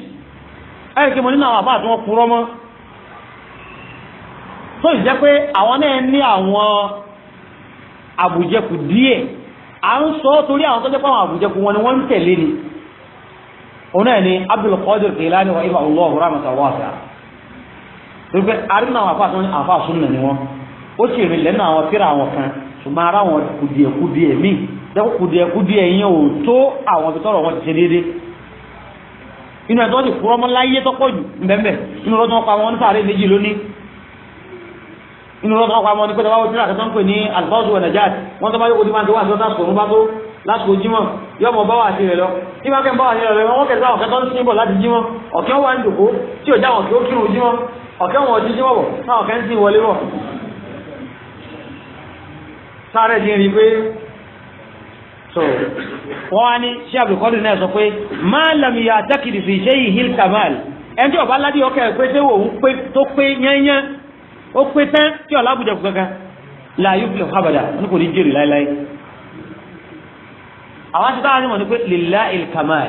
a ń sọ torí àwọn tọ́jọ́ pàwọn àbújẹkù wọn ni wọ́n ń tẹ̀lé ni òun náà ni Abdul Qadir wa ifa allah rahmatan wasa torí pé arínà àwọn afa sọ́ni àfa súnmọ̀ ni wọ́n ó sì rìn lẹ́nu àwọn fíra àwọn kan ṣùgbọ́n ara àwọn kùdìẹ̀kùdìẹ̀ míì dẹ́kun kùdìẹ̀kùdìẹ̀ yẹn ò tó àwọn ibi tọ́rọ̀ wọn ti ṣe déédéé inú ẹ̀dọ́ ti kúrọ́mọ́ láyé tọ́pọ̀ jù inú ọlọ́dún ọkọ̀ àwọn méjì inú lọ́dọ̀ ọkọ̀ amọ́ ní pé tọ́wọ́ tíra kẹtọ́ ń pè ní alifọ́sù wẹ̀nàjáàtì wọ́n tó bá yóò kó tí máa ń tó wà sọ́tà sọ̀rọ̀ bá tó lásìkò jímọ̀ yóò mọ̀ bá wà sí rẹ̀ lọ tí máa kẹ́ ń bá wà sí rẹ̀ lọ wọ́n kẹta ọ̀kẹ́ tó ń sin bọ̀ láti jímọ̀ ọ̀kẹ́ wà ń dòkó tí ò jáwọ̀ kí ó kírun jímọ̀ ọ̀kẹ́ wọn ọdún jímọ̀ bọ̀ náà ọ̀kẹ́ ń sin wọlé bọ̀ sáré di rí pé so wọ́n wá ní sí àbùkọ́dù náà sọ pé máa làmìyà àtàkìdì fi ṣe ìhìl kamal ẹni tí ọba ládìí ọkẹ́ pé tó pé yányán ó pé tán tí ọ̀la àbújá kù kankan láàyè òfin ọ̀hábàdà ní kò ní jèrè láéláé àwọn aṣọ táwọn onímọ̀ ni pé lillahil kamal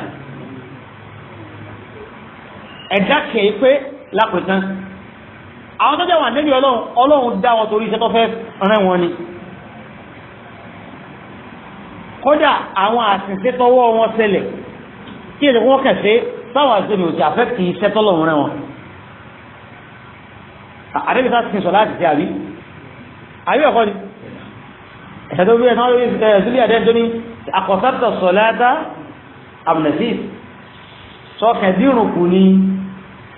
ẹ̀dá kẹ̀ é pé lápẹ̀tán àwọn tó jẹ́ wọn àdébí ọlọ́run ọlọ́run dá wọn torí iṣẹ́ tó fẹ́ rẹ́ wọn ni kódà àwọn àṣìṣe tọwọ́ wọn ṣẹlẹ̀ kí èdè wọn kẹsẹ̀ báwọn àṣìṣe mi ò ti àfẹ́ kì í ṣẹ́ tọ́lọ́run rẹ́ wọn àdébí sá ti sọ láti ṣe àbí àbí ẹ̀kọ́ ni ẹ̀sẹ̀ tó bí ẹ̀sán lórí ẹ̀sùlẹ̀ àdẹ́jọ ní àkọ́sátọ̀ sọ̀láta amnesty sọ́kẹ̀ dírùn kù ní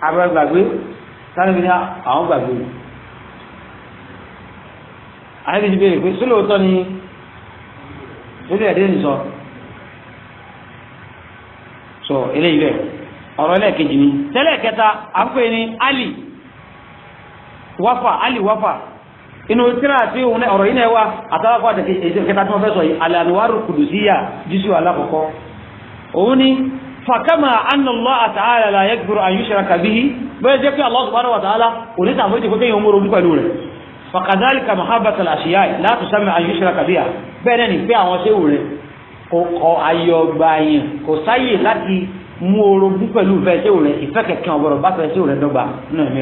abẹ́gbàgbé ah, sáré ní àwọn gbàgbé àdébí ti béèrè pé sílẹ̀ òótọ́ ni sílẹ̀ àdé ni sọ sọ eléyìí bẹ́ẹ̀ ọ̀rọ̀ ẹlẹ́ẹ̀kejì ni tẹ́lẹ̀ kẹta àpè ní ali wafa ali wafa inu tírà ti òun ọ̀rọ̀ yìí náà wá àtàwákọ́ àti ìṣẹ́kẹta tí wọ́n fẹ́ sọ yìí alànúwárù kùdùsíyà jísù alákọ̀ọ́kọ́ òun ni fàkàmà anàlọ́ àtàlà la yakfuru an yushraka bihi bẹ́ẹ̀ pé Allah subhanahu wa ta'ala òní tàbí ìdìbò kéèyàn mú orogún pẹ̀lú rẹ̀ fàkàdálìkà mahabbata àṣìyá la tusamma an yushraka biha bẹ́ẹ̀ náà ni pé àwọn ṣé òun kò kọ ayọ̀gbà yẹn kò sáyè láti mú orogún pẹ̀lú fẹ́ ṣé òun rẹ̀ ìfẹ́ kẹ̀kẹ́ bá fẹ́ ṣé òun rẹ̀ dọ́gba náà mi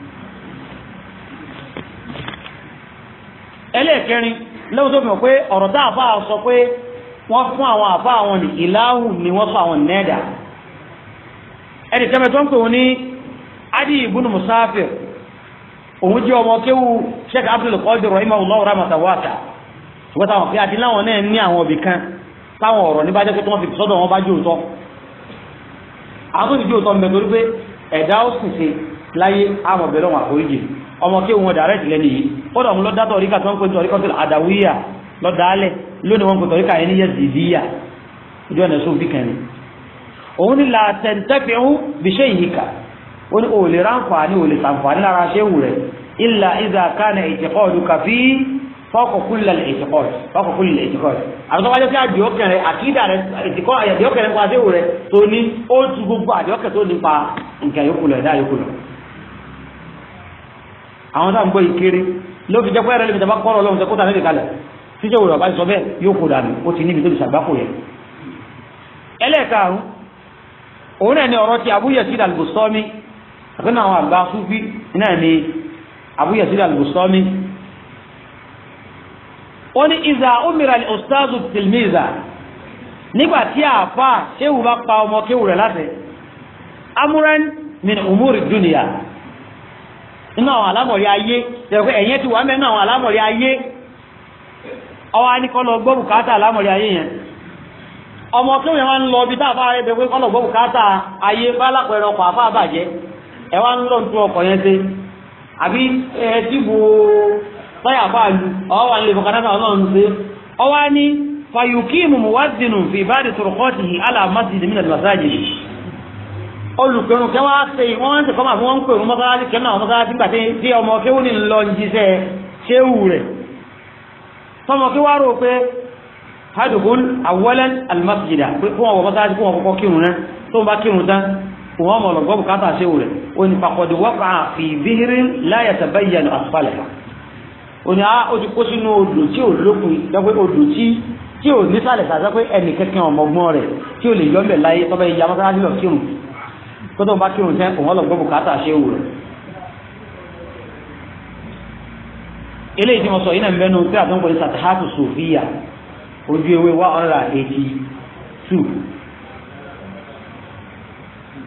ẹlẹ́ẹ̀kẹrin lẹ́wọ́n tó fi hàn pé ọ̀rọ̀ tá àfa sọ pé wọ́n fún àwọn àfa àwọn ní ìláhù ni wọ́n fún àwọn nẹ́ẹ̀dà ẹnì kẹ́mẹ́ tó ń pè wọ́n ní adi ibùnú musafir òun jẹ́ ọmọ kéwu sheikh abdul qadir rahimahullah rahmatan wasa ṣùgbọ́n táwọn fi àti láwọn náà ní àwọn òbí kan táwọn ọ̀rọ̀ ní bá pé tí wọ́n fi sọ́dọ̀ wọn bá jó tọ́ àwọn tó ti ọmọ kí òun direct lẹ́nu yìí kódà òun lọ dá tọ̀ríkà tí wọ́n ń pè tọ̀ríkà tó àdàwíyà lọ dálẹ̀ lónìí wọ́n ń pè tọ̀ríkà yẹn ní yẹ̀zìdíyà ojú ọ̀nà sófin kan ni òun ni làtẹ̀ntẹ́fẹ̀hún bíṣẹ́ ìyíkà ó ní òòlè ránfààní òòlè sàǹfààní lára ṣéwù rẹ̀ ìlà ìzà kánà ìtìkọ́ọ̀dù kàfí fọ́kùnkúnlẹ̀ ìtìkọ́ọ̀dù ìtìkọ́ọ̀dù àwọn tọ́wájọ́ sí àwọn táà ń gbọ́ ìkéré ló fi jẹ́ pẹ́ẹ́rẹ́ lóbi tàbá kọ́rọ̀ ọlọ́run tẹ kó tà níbi kalẹ̀ síjẹ́ òwúrọ̀ bá ti sọ bẹ́ẹ̀ yóò kó dànù ó ti níbi tó ti ṣàgbákò yẹ. ẹlẹ́ẹ̀karùn òun náà ni ọ̀rọ̀ ti Abu Yazid al-Bustami àti àwọn àgbà Sufi náà ni Abu Yazid al-Bustami. ó ní ìzà nínú àwọn alámọ̀rí ayé ẹ̀rọ̀pẹ́ ẹ̀yẹ́ ti wà mẹ́nu àwọn alámọ̀rí ayé ọwọ́ anikọ́lọ gbọ́ bùkátà alámọ̀rí ayé yẹn ọmọ tó yẹn wá ń lọ ibi tá a bẹ̀rẹ̀ kọ́lọ̀ gbọ́ ayé fálápẹ̀rẹ̀ ọkọ̀ lọ ọkọ̀ olùkẹ́rùn kẹ́ wá ṣe wọ́n ń tẹ̀kọ́ máa fún wọn ń pèrún mọ́sálásí kẹ́ náà mọ́sálásí gbà tí ọmọ kéwù ní lọ ń jíṣẹ́ ṣéwù rẹ̀ tọmọ kí wá rò pé hadukul awwalan almasjida pé fún ọwọ́ mọ́sálásí fún ọkọ̀ kírun náà tó ń bá kírun tán wọ́n mọ̀ lọ́gbọ́ bùkátà ṣéwù rẹ̀ ó ní faqad waqa'a fi bihrin la yatabayyanu asfaluha ó ní ó ti kó sínú odò tí ò lókun lọ́pẹ́ odò tí tí ò nísàlẹ̀ sàṣẹ́ pé ẹnì kẹ́kẹ́ ọmọgbọ́n rẹ̀ tí ò lè yọ́ mẹ́ láyé tọ́bẹ̀ ìyá mọ́sálásí lọ kírun kótó bá kírun tẹ́ òun ọlọ́gbọ́n bùkátà ṣe wù rẹ̀. eléyìí tí mo sọ yìí náà ń bẹnu tí àtúntò ní sàtìhátù sofiya ojú ewé one hundred and eighty two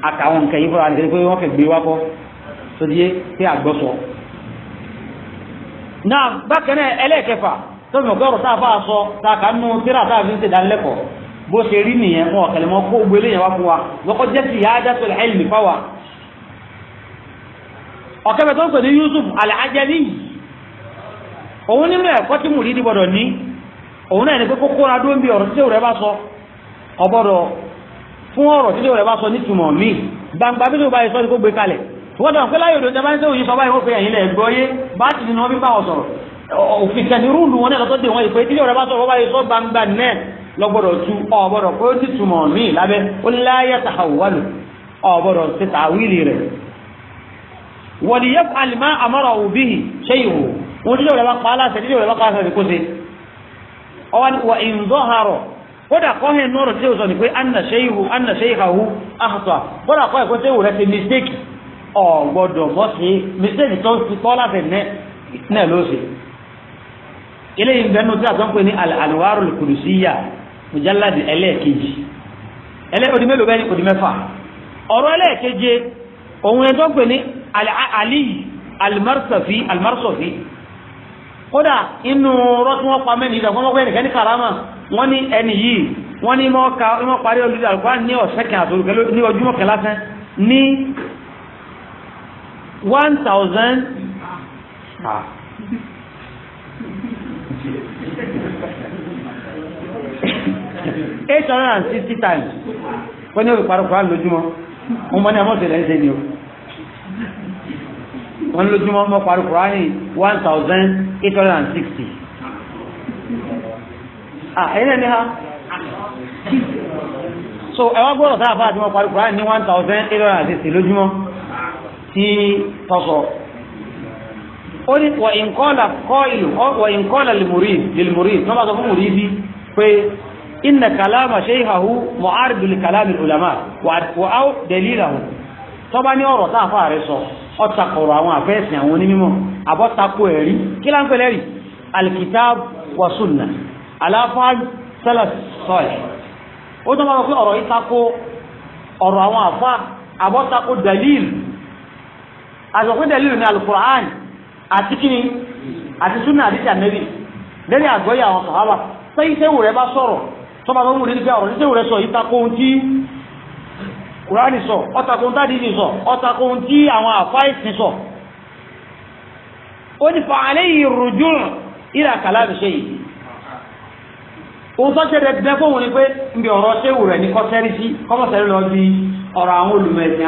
àtàwọn nǹkan yìí fúnra nìkan pé wọ́n fẹ́ gbé wá kọ́ tí sọ. náà náà ẹlẹ́ẹ̀kẹfà tó ọ̀rọ̀ tá a fà sọ tá a kà ń nu tíra tá a fi ń ṣèdánilẹ́kọ̀ọ́ bó ṣe rí nìyẹn wọn ọ̀kẹ́lẹ̀ mọ́ kó gbélé yẹn wá fún wa lọ́kọ́ jẹ́ sí ìyáàdàtò ẹ̀lmì fáwa ọ̀kẹ́bẹ̀ tó ń pè ní Yusuf alhajali òun nínú ẹ̀kọ́ tí mùrí dìbọ̀dọ̀ ní òun náà ní pé kókó ra dóńbi ọ̀rọ̀ títí rẹ̀ bá sọ ọ̀bọ̀dọ̀ fún ọ̀rọ̀ títí rẹ̀ bá sọ ní tùmọ̀ mí gbangba bí tó bá yẹ sọ ni kó gbé kalẹ̀ wọ́n dàn pé láyò lóde bá ń lọ́gbọ́dọ̀ tú ọ̀bọ̀dọ̀ pé ó ti túmọ̀ míì lábẹ́ ó láyé tàwálù ọ̀bọ̀dọ̀ ti tàwílì rẹ̀. wọ̀lì yẹ alimá amọ̀rọ̀ òbí ṣe ìhò wọn dídé òlẹ́wà pa aláṣẹ dídé òlẹ́wà pa aláṣẹ kó ṣe. ọwọ́ ni wà ìǹzọ́ harọ̀ kódà kọ́hìn nọ́ọ̀rọ̀ tí ó sọ ni pé anna ṣe ìhò anna ṣe ìhàwù àhùtà kódà kọ́hìn kó ṣe ìhò ti mistake ọ̀gbọ́dọ̀ mọ́ sí mistake tó ti kọ́ láti náà ló ṣe. eléyìí bẹ́ẹ̀ nù tí a sọ pé ní al-anwarul kudusiya mujalladi ẹlẹ́ẹ̀kejì ẹlẹ́ odi mélòó bẹ́ẹ̀ ni odi mẹ́fà ọ̀rọ̀ ẹlẹ́ẹ̀keje òun ẹjọ́ pè ní ali alimarsafi alimarsafi kódà inú rọ́tún wọn pa ìdàgbọ́n wọn nìkan ní karama wọn ní ẹni yìí wọn ní mọ́ parí olùdíje àlùkò ní ọ̀sẹ̀ kan àtòlù kẹlẹ́ ní ọjọ́ kẹlá sẹ́ ní one thousand. Ah, eight hundred and sixty times wọ́n ní o ìparọ́ kọ́ lójúmọ́ wọ́n mọ́ ní amọ́sẹ̀lẹ̀ ń ṣe ni o wọ́n lójúmọ́ mọ́ parí kùránì one thousand eight hundred and sixty. ah ẹ̀yin náà ha so ẹ wá gbọ́dọ̀ sáà fáà tí wọ́n parí kùránì ní one thousand eight hundred and sixty lójúmọ́ tí tọ́sọ̀ ó ní wà ìǹkọ́lá kọ́ ìlú wà ìǹkọ́lá lèmùrí lèmùrí tí wọ́n bá sọ fún mùrí bí pé inna kalama sheikhahu mu'aridu li kalami ulama wa aw dalilahu tó bá ní ọ̀rọ̀ táàfà rẹ̀ sọ ó takọrọ àwọn àfẹ́sìn àwọn onímọ̀ àbọ̀ takò ẹ̀rí kí là ń pẹ̀lẹ́ rí alkitab wa sunna aláfà salaf salih ó tó máa sọ pé ọ̀rọ̀ yìí takò ọ̀rọ̀ àwọn àfà àbọ̀ takò dalil àsọ̀kú dalil ní alukur'an àti kíni àti sunna àti tànẹ́bì lẹ́yìn àgbọ́yé àwọn sàhábà sẹ́yìn sẹ́wù rẹ̀ bá sọ̀rọ̀ tọ́ba ló ń wù ní nígbà ọ̀rọ̀ nígbà rẹ̀ sọ ìtakò ohun tí kurani sọ ọ̀takò ohun sọ ọ̀takò ohun tí àwọn sọ. ó ní yìí rújú ìlà ṣe yìí. ohun tó ṣe dẹ́gbẹ́ fóun ni pé wù ní kọ́sẹ́rì sí kọ́mọ̀sẹ́rì lọ bí ọ̀rọ̀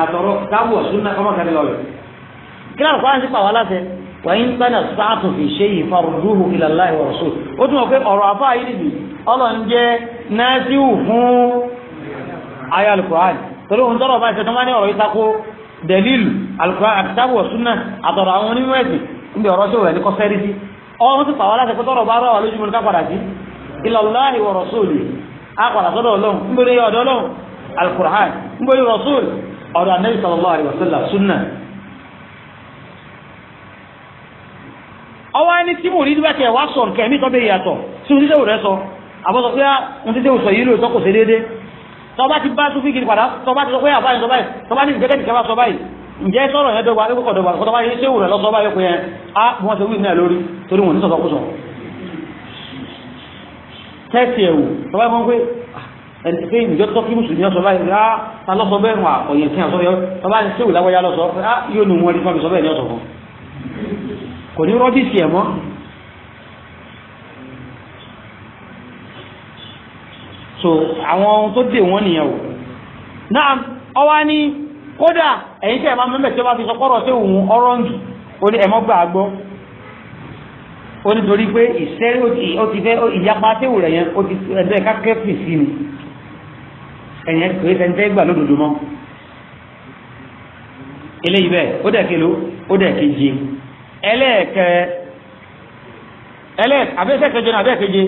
àwọn wọ́n tánà sáàtù fi ṣe ìfarúdúhù ìlàláì wọ̀ ṣù ó túnmọ̀ pé ọ̀rọ̀ àfáà yìí nìbí ọlọ́run jẹ́ náàtíwù fún ayé alukur'an torí òun tọrọ bá ṣe tó máa ní ọ̀rọ̀ ìtakò dẹ̀lílù alukur'an àkìtàbù ọ̀ṣunà àtọ̀rọ̀ àwọn onímọ̀ ẹ̀sìn níbi ọ̀rọ̀ ṣòwò ẹni kọ́ sẹ́rí ọ̀hún sì pàwọ́ láti pé tọrọ bá rọ̀ wà lójú mi ká padà sí ọwọ́ ẹni tí mo rí nígbà tí ẹ wá sọ nǹkan ẹ̀mí tó bẹ yàtọ̀ tí mo títẹ̀wò rẹ sọ àbọ̀sọ pé mo ah, títẹ̀wò sọ yìí lóòótọ́ kò sí déédéé tọba ti bá súnfì gidi padà tọba ti sọ pé àbáyé ah, sọ báyìí tọba ní ìgbẹ́kẹ̀dì kẹfà sọ báyìí ǹjẹ́ sọ̀rọ̀ yẹn dọ́gba akẹ́kọ̀ọ́ dọ́gba kọ́ tọba yẹn ṣéwù rẹ̀ lọ́sọ báyìí pé yẹn ah, á bí wọ́n ṣe wí náà lórí torí wọn ní sọ̀tọ̀ kó sọ. tẹ́sí ẹ̀wù tọba yẹn mọ́ pé pé ìjọ tọ́kí mùsùlùmí ọ̀sọ̀ báyìí á ta lọ́sọ bẹ́ẹ̀ wà ọ̀yẹ̀ tí a sọ yọ tọba yẹn ṣéwù lágbájá lọ́sọ á yóò nù wọn rí fún mi sọ bẹ́ẹ̀ ní ọ̀sọ̀ fún kò ní rọ́bìsì ẹ̀ mọ́. so àwọn ohun tó dè wọ́n nìyẹn o náà ọwá ní kódà ẹ̀yin tẹ́ ẹ̀ máa mẹ́mẹ́ tí wọ́n bá fi sọ kọ́rọ̀ sí òun ọ́rọ́ǹgì ó ní ẹ̀mọ́ gbà gbọ́ ó ní torí pé ìṣẹ́rí ó ti fẹ́ ìyapa téwù rẹ̀ yẹn ó ti ẹ̀dọ́ ẹ̀ká kẹ́fì sí ni ẹ̀yẹn kò ṣe ń tẹ́ gbà lódodo mọ́ eléyìí bẹ́ẹ̀ ó dẹ̀ kelo ó dẹ̀ keje ẹlẹ́ẹ̀kẹ́ ẹlẹ́ẹ̀ abẹ́sẹ̀ kẹjọ náà abẹ́ẹ̀ keje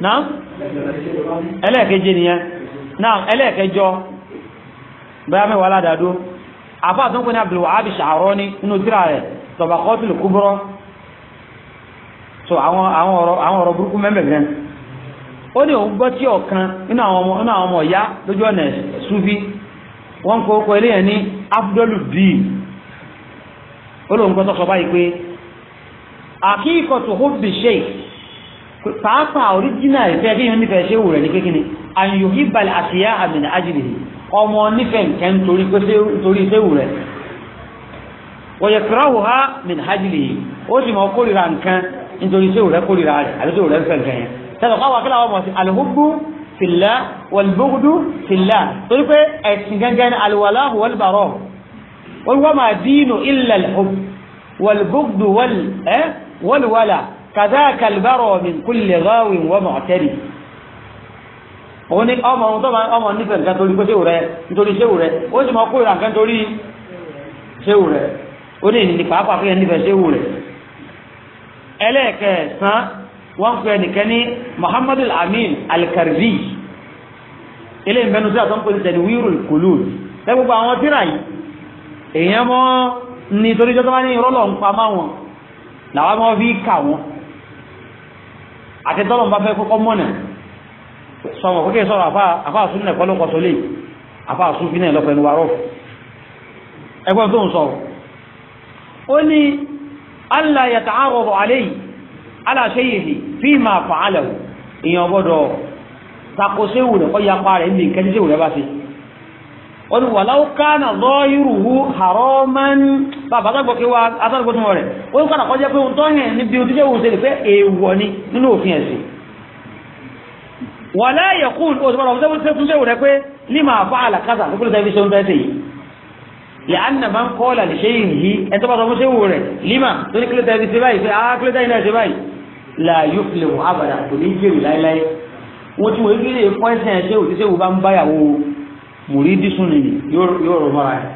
náà ẹlẹ́ẹ̀keje nìyẹn náà ẹlẹ́ẹ̀kẹjọ bẹ́ẹ̀ mẹ́wàá aládàádó àfa àtúnkù ní Abdul Wahab Sha'rani nínú tíra rẹ̀ Tabaqatul Kubra so àwọn ọ̀rọ̀ burúkú mẹ́mẹ́mẹ́ ó ní òun gbọ́ tí ọ̀kan nínú àwọn ọmọ nínú lójú ọ̀nà Sufi wọ́n kó kó ele ní afdolu bíi olóńgbọ́n tó sọ báyìí pé àkíkọ̀tù hóbì ṣe pàápàá oríjìnà ìfẹ́ kí yóò nífẹ̀ẹ́ ṣe wù rẹ̀ ní kékeré àyùn ìbàlẹ̀ àṣìyá àmìnà ajínigbè ọmọ nífẹ̀ẹ́ nǹkan torí ṣe wù rẹ̀ wọ̀yẹ̀kìrọ̀hù ha mìnà ajínigbè ó sì mọ kórìíra nǹkan nítorí ṣe wù rẹ̀ kórìíra rẹ̀ àti ṣe wù rẹ̀ ń fẹ́ nǹkan yẹn tẹ́lẹ̀ kọ́ àwọn àwọn ọmọ alùhùgbù fìlà wọ̀lùbùgùdù fìlà torí pé ẹ̀sìn gẹ́gẹ́ ni alùwàláhù wọ̀lùbàrọ̀ wa ma dinu illa al-hub wal-bughd eh, wal-wala kadhaka al-bara min kulli ghawin wa mu'tadi òun ni ọmọ ohun tó máa ọmọ nífẹ̀ẹ́ nǹkan torí pé ṣéwù rẹ nítorí ṣéwù rẹ ó sì máa kórìíra nǹkan torí ṣéwù rẹ ó ní ìní pàápàá fún yẹn ṣéwù rẹ. ẹlẹ́ẹ̀kẹsàn wọ́n pe ẹnìkan ní muhammadu amin al-karbi eléyìí àtọ́npọ̀ ní tẹ̀lé wíìrù kùlù ẹ àwọn tíra yìí èèyàn mọ́ nítorí jọ́tọ́ bá ní ìrọ́lọ̀ ń pamá wọn làwọn mọ́ fi kà wọn àti tọ́lọ̀ bá fẹ́ kọ́kọ́ mọ́nà sọmọ kókè sọ̀rọ̀ àfáà sún nẹ̀kọ́ ló kọ́sọ lé fi tó ń sọ wọ́n wà láwọ́ kánà lọ́yìrùhú haraman bàbá àtàgbọ́kí wa àtàgbọ́tún rẹ̀ wọ́n kọ́nà kọjá pé ohun tó hẹ̀ níbi ohun tó jẹ́ òun tẹ́lẹ̀ pé èèwọ̀ ni nínú òfin ẹ̀sìn wà láyẹ̀ kún òṣùpọ̀lọ̀ ọ̀sẹ̀ tó tún sẹ́wò rẹ̀ pé ní màá fà àlàkásà tó kúrò tẹ́lẹ̀ sẹ́wọ́n tẹ́lẹ̀ yìí lẹ́yìn máa ń kọ́ọ̀là lè ṣe yìí ẹni tó bá sọ fún sẹ́wò rẹ̀ lima tó ní kílẹ̀ tẹ́lẹ̀ ṣe báyìí pé ah kílẹ̀ tẹ́lẹ̀ ṣe báyìí la yóò fi lè wọ́n abàdà kò ní jèrè láéláé wọ́n ti wọ́n ilé ẹ̀kọ́ ẹ̀sìn ẹ̀ṣẹ́ òṣìṣẹ́ wo bá ń báyàwó mùrídí sùn ni yóò rò mọ́ra ẹ̀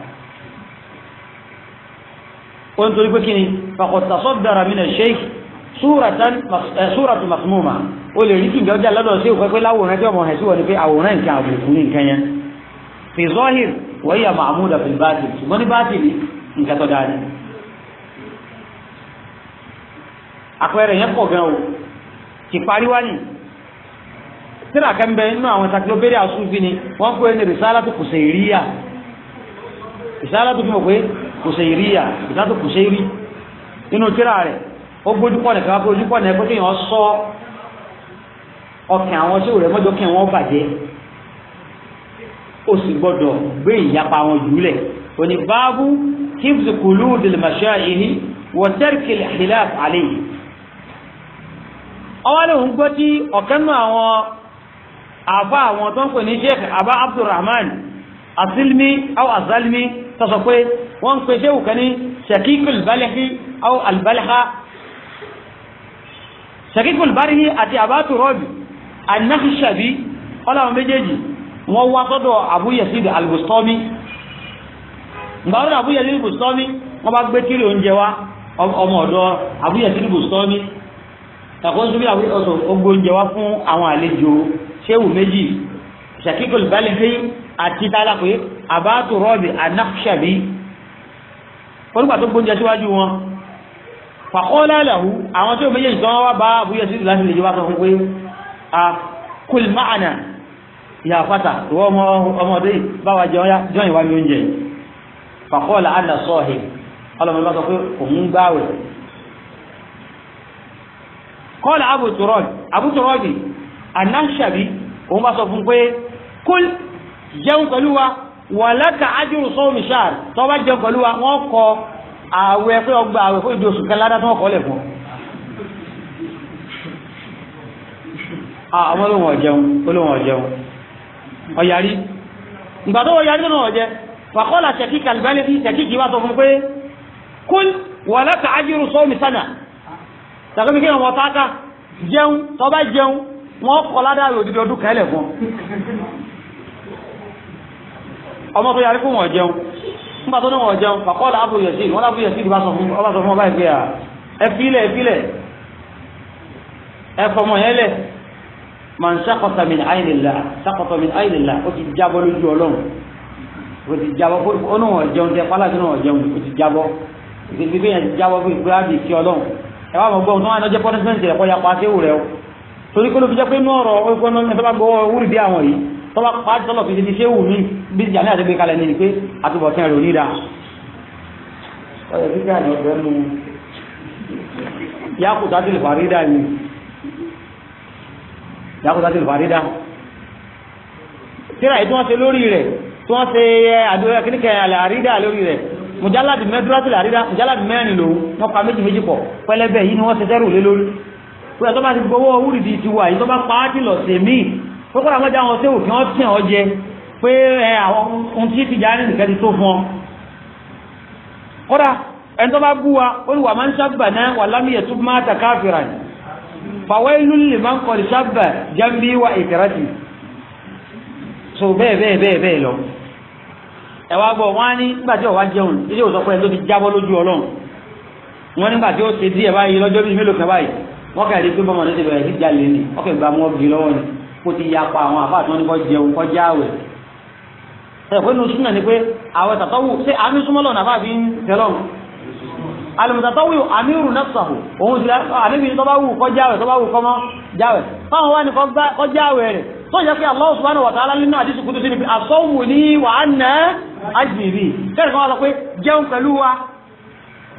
ó ń torí pé kí ni fàkọ̀tà sọ́dára mi nà ṣe súratu masmuma ó lè rí kí nǹkan ọjà lọ́dọ̀ sí òpẹ́pẹ́ láwòrán tí ọmọ ẹ̀ sí wọ́n ni pé àwòrán nǹkan àbùkù ní nǹkan yẹn fi zọ́hìr wọ́yà mahmuda fi bátìlì ṣùgbọ́n ní bátìlì nǹkan tó dáa àpẹẹrẹ yẹn pọ̀ gan o ti parí nìyí tíra kan bẹ nínú àwọn encyclopedia sufi ni wọ́n pè ní risalatu kuseiriya risalatu fún mi pé kuseiriya risalatu kuseiri nínú tíra rẹ̀ ó gbójú pọ̀ nìkan pé ojú pọ̀ nìkan pé kéèyàn sọ ọkàn àwọn ṣé òrẹ́ mọ́jọ́ kí wọ́n bàjẹ́ ó sì gbọ́dọ̀ gbé ìyapa wọn jùlẹ̀ òní báàbù kífù kùlù dìlmàṣá ìhí wọ́n tẹ́rìkìlì àdìlá àlẹ́ yìí ọwọ́ lóun gbọ́ tí ọ̀kan àwọn àfa àwọn tó ń pè ní sheikh abba abdulrahman asilmi aw azalmi sọsọ pé wọ́n ń pè sheikh kan ní shakikul balahi aw albalaha shakikul balahi àti abaturobi anahishabi ọlọ́run méjèèjì wọ́n wá sọ́dọ̀ abu yasid albustami gbàrúdà abu yasid albustami wọ́n bá gbé kílò oúnjẹ wa ọmọ ọ̀dọ̀ abu yasid albustami ẹ̀kọ́ ń sọ bí oúnjẹ wa fún àwọn àlejò ṣéwù méjì ṣàkíkòlù bálẹ̀kì àti tálápé àbáàtò rọ́ọ̀bì anáṣàbí orúkọ tó gbóúnjẹ síwájú wọn fàkọ́lá làwù àwọn tó méjèèjì tó wá bá àbúyẹ sí láti lè jọba sọ fún pé a kùl máàna ìyá fata ìwọ ọmọ ọmọdé báwa jẹun ya jọyìn wá ní oúnjẹ fàkọ́lá àdà sọ́ọ̀hìn ọlọ́mọ bá sọ pé òun gbáwẹ̀ kọ́lá àbùtùrọ́ọ̀dì àbùtùrọ́ọ̀dì anáṣàbí òun bá sọ fún pé kúl jẹun pẹ̀lú wa wàlákà ájúrù sọ́ọ̀mì sáà tó bá jẹun pẹ̀lú wa wọ́n kọ ààwẹ̀ pé ọgbà ààwẹ̀ fún ìdí oṣù kan ládá tó wọ́n kọ́ lẹ̀ fún ọ. Ah, àwọn olóhùn ọ̀jẹun olóhùn ọ̀jẹun ọ̀yàrí ìgbà tó wọ́n yarí nínú ọ̀jẹ wàkọ́lá ṣẹ̀kí kàlùbẹ́lì sí ṣẹ̀kí kì wá tó bá jẹun wọ́n kọ́ ládàrí òdìdí ọdún kan fún ọmọ tó yarí fún wọn jẹun nígbà tó ní wọn jẹun fàkọ́ọ̀lá abu yasid wọn lábú yasid bá sọ fún ọba sọ fún ọba ìgbé à ẹfọmọ yẹn ó ti lójú ó ti ó ní wọn jẹun tẹ tó mọ̀ torí pé ló fi jẹ́ pé inú ọ̀rọ̀ ọ̀gbọ́n náà ẹ̀fẹ́ bá gbọ́ wúrì bí àwọn yìí tó bá pàájọ́ lọ fi ṣe ti ṣé wù mí bí ìjà ní àdégbé kalẹ̀ ní pé àtúbọ̀tán rẹ̀ ò ní dáa ọ̀yọ̀ tí káà ní ọ̀fẹ́ nu yákùtà tí lè fàrídà ni yákùtà tí lè fàrídà tíra yìí tí wọ́n ṣe lórí rẹ̀ tí wọ́n ṣe àdúrà kíníkẹ́ àlàrídà lórí rẹ̀ mùjálàdì mẹ́dúrà tí làrídà mùjálàdì mẹ́rin lòun wọ́n pa méjì méjì pọ̀ pẹ́lẹ́bẹ̀ yìí ni wọ́n ṣe tẹ́rù lé lórí pé ẹ̀tọ́ bá ti gbowó wúrìdì ti wà yìí tó bá pa á dì lọ sí mí pé kó làwọn jáwọn sí òkè wọn tì ọ jẹ pé ẹ àwọn ohun tí ti jáde nìkan ti tó fún ọ. kódà ẹni tó bá bú wa ó ní wà máa ń sábà náà wà lámìyẹ tó máa ta káfíra ni fàwẹ́lú lè máa ń kọ́ ní sábà jábí wa ìkẹrẹ́tì so bẹ́ẹ̀ bẹ́ẹ̀ bẹ́ẹ̀ bẹ́ẹ̀ lọ ẹ wá gbọ́ wọ́n á ní nígbà tí ọ̀wá jẹun ilé ìwòsàn pé ti jábọ́ lójú ọlọ́run wọ́n nígbà tí ó ṣe díẹ̀ báyìí lọ́jọ́ bíi mélòó kan báyìí wọ́n kàn rí pé bọ́mọ̀ náà ti bẹ̀rẹ̀ sí jalè ni wọ́n kàn gba mọ́ bí lọ́wọ́ ni kó ti ya pa àwọn àfa àtúnwọ́n ní kọ́ jẹun kọ́ já àwẹ̀. ẹ pé nu súnà ni pé àwẹ̀ tàtọ́wù ṣé àmì súnmọ́ lọ́nà àfa fi ń tẹ̀lọ́ alùmùtàtọ́wù àmírù nafsahu òun sì àlébi ní tọ́ba wù kọ́ jáwẹ̀ tọ́ba wù kọ́mọ́ jáwẹ̀ fáwọn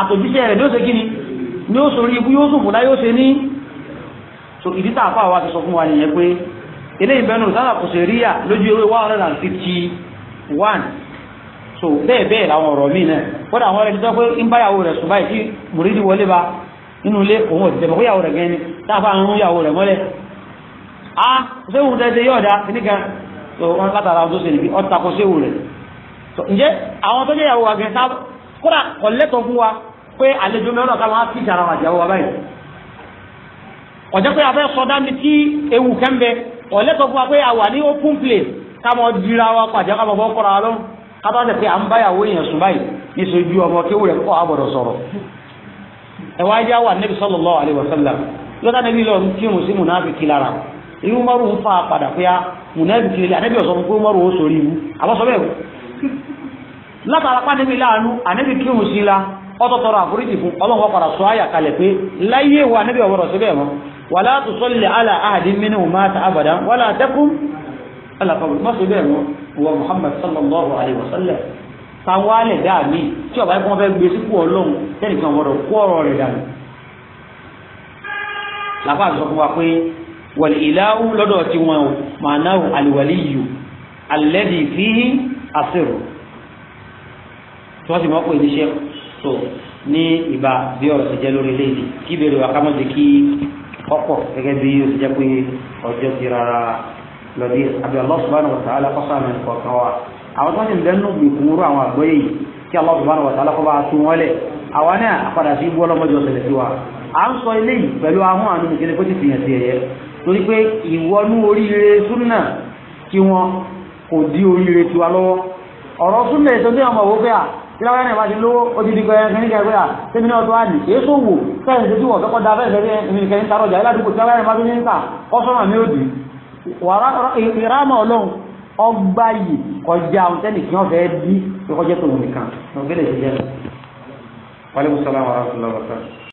àtòjíṣẹ́ rẹ̀ yóò ṣe kí ni ni ó sọ̀rọ̀ ibú yóò sùnfùlá yóò ṣe ní so ìdí tá àpá àwa ti sọ fún wa nìyẹn pé ilé ìbẹnu sára kò ṣe ríyà one so bẹ́ẹ̀ bẹ́ẹ̀ làwọn ọ̀rọ̀ míì náà kódà àwọn ẹni tó pé ń bá yàwó rẹ̀ sùn tí mùrídìí wọlé ba nínú ilé òun òtítẹ́ mọ̀ yàwó rẹ̀ gan ni táàbà ń rún yàwó a ṣéwù dá nìkan so látara ọdún kódà kọ̀lẹ́tọ̀ fún wa pé àlejò mẹ́rin ọ̀gá wọn á fi ìjàrà wà jẹ́ wa báyìí ọ̀jẹ́ pé abẹ́ sɔdá mi tí ewu kẹ́ńbẹ kọ̀lẹ́tọ̀ fún wa pé a wà ní open place kámọ́ dira wa pàjẹ́ kámọ́ bọ́ kọ́ra wa lọ́rùn kábà wá a munafiki lè ànẹ́bi látara pàdébí láàánú ànẹ́bí kí òun sí la ọtọtọrọ àforíjì fún ọlọ́run padà sọ àyà kalẹ̀ pé láyé wa ànẹ́bí ọ̀wọ́rọ̀ síbẹ̀ mọ́ wàlá tusalli ala ahadin minhum mata abadan wàlá takum ala qabri mọ́ síbẹ̀ mọ́ wa muhammad sallallahu alayhi wa sallam tawálẹ̀ dáa mi tí ọba ẹ̀kọ́ fẹ́ gbé sípò ọlọ́run tẹ́nìkan ọ̀wọ́rọ̀ kú ọ̀rọ̀ rẹ̀ dànù làbá àti sọ fún wa pé wàlì tí wọ́n sì mọ́ pé níṣẹ́ tó ní ìbá bí ọ̀rọ̀ ti jẹ́ lórí eléyìí kí ìbéèrè wa ká mọ̀ jẹ́ kí ọ̀pọ̀ gẹ́gẹ́ bí ó ti jẹ́ pé ọjọ́ ti rárá lọ́dí àbí Allah subhanahu wa ta'ala kọ́ sáà mẹ́rin kọ̀ọ̀kan wa àwọn tó ń sìn bẹ́ẹ̀ nù gbìkúnrú àwọn àgbọ́yé yìí kí Allah subhanahu wa ta'ala kọ́ bá a tún wọlé àwa náà àpadà sí ibú ọlọ́mọdé ọ̀sẹ̀ lẹ́sí wa à ń sọ eléyìí pẹ̀lú ahọ́n àánú nìkan kó ti fìyàn sí ẹ̀yẹ torí pé ìwọnú oríire súnà kí wọn kò dí oríire tiwa lọ́wọ́ ọ̀rọ̀ súnà ètò ní ọmọ òwò bẹ́ẹ̀ tíláwá náà wájú lówó odidi kẹ́kẹ́ gbéra sẹ́mi náà tó wá ní èso wò fẹ́ẹ̀sì tí wọ́n kọ́kọ́ da fẹ́ẹ̀sì rí ẹnìkẹ́ ń tarọ̀jà ìlàdúgbò tíláwá náà wájú ní ń ta ọ̀sọ́nà ní òdì ìrámà ọlọ́run ọgbà yìí kọjá ohun tẹ́lẹ̀ kí wọ́n fẹ́ bí kọjá tó wọn nìkan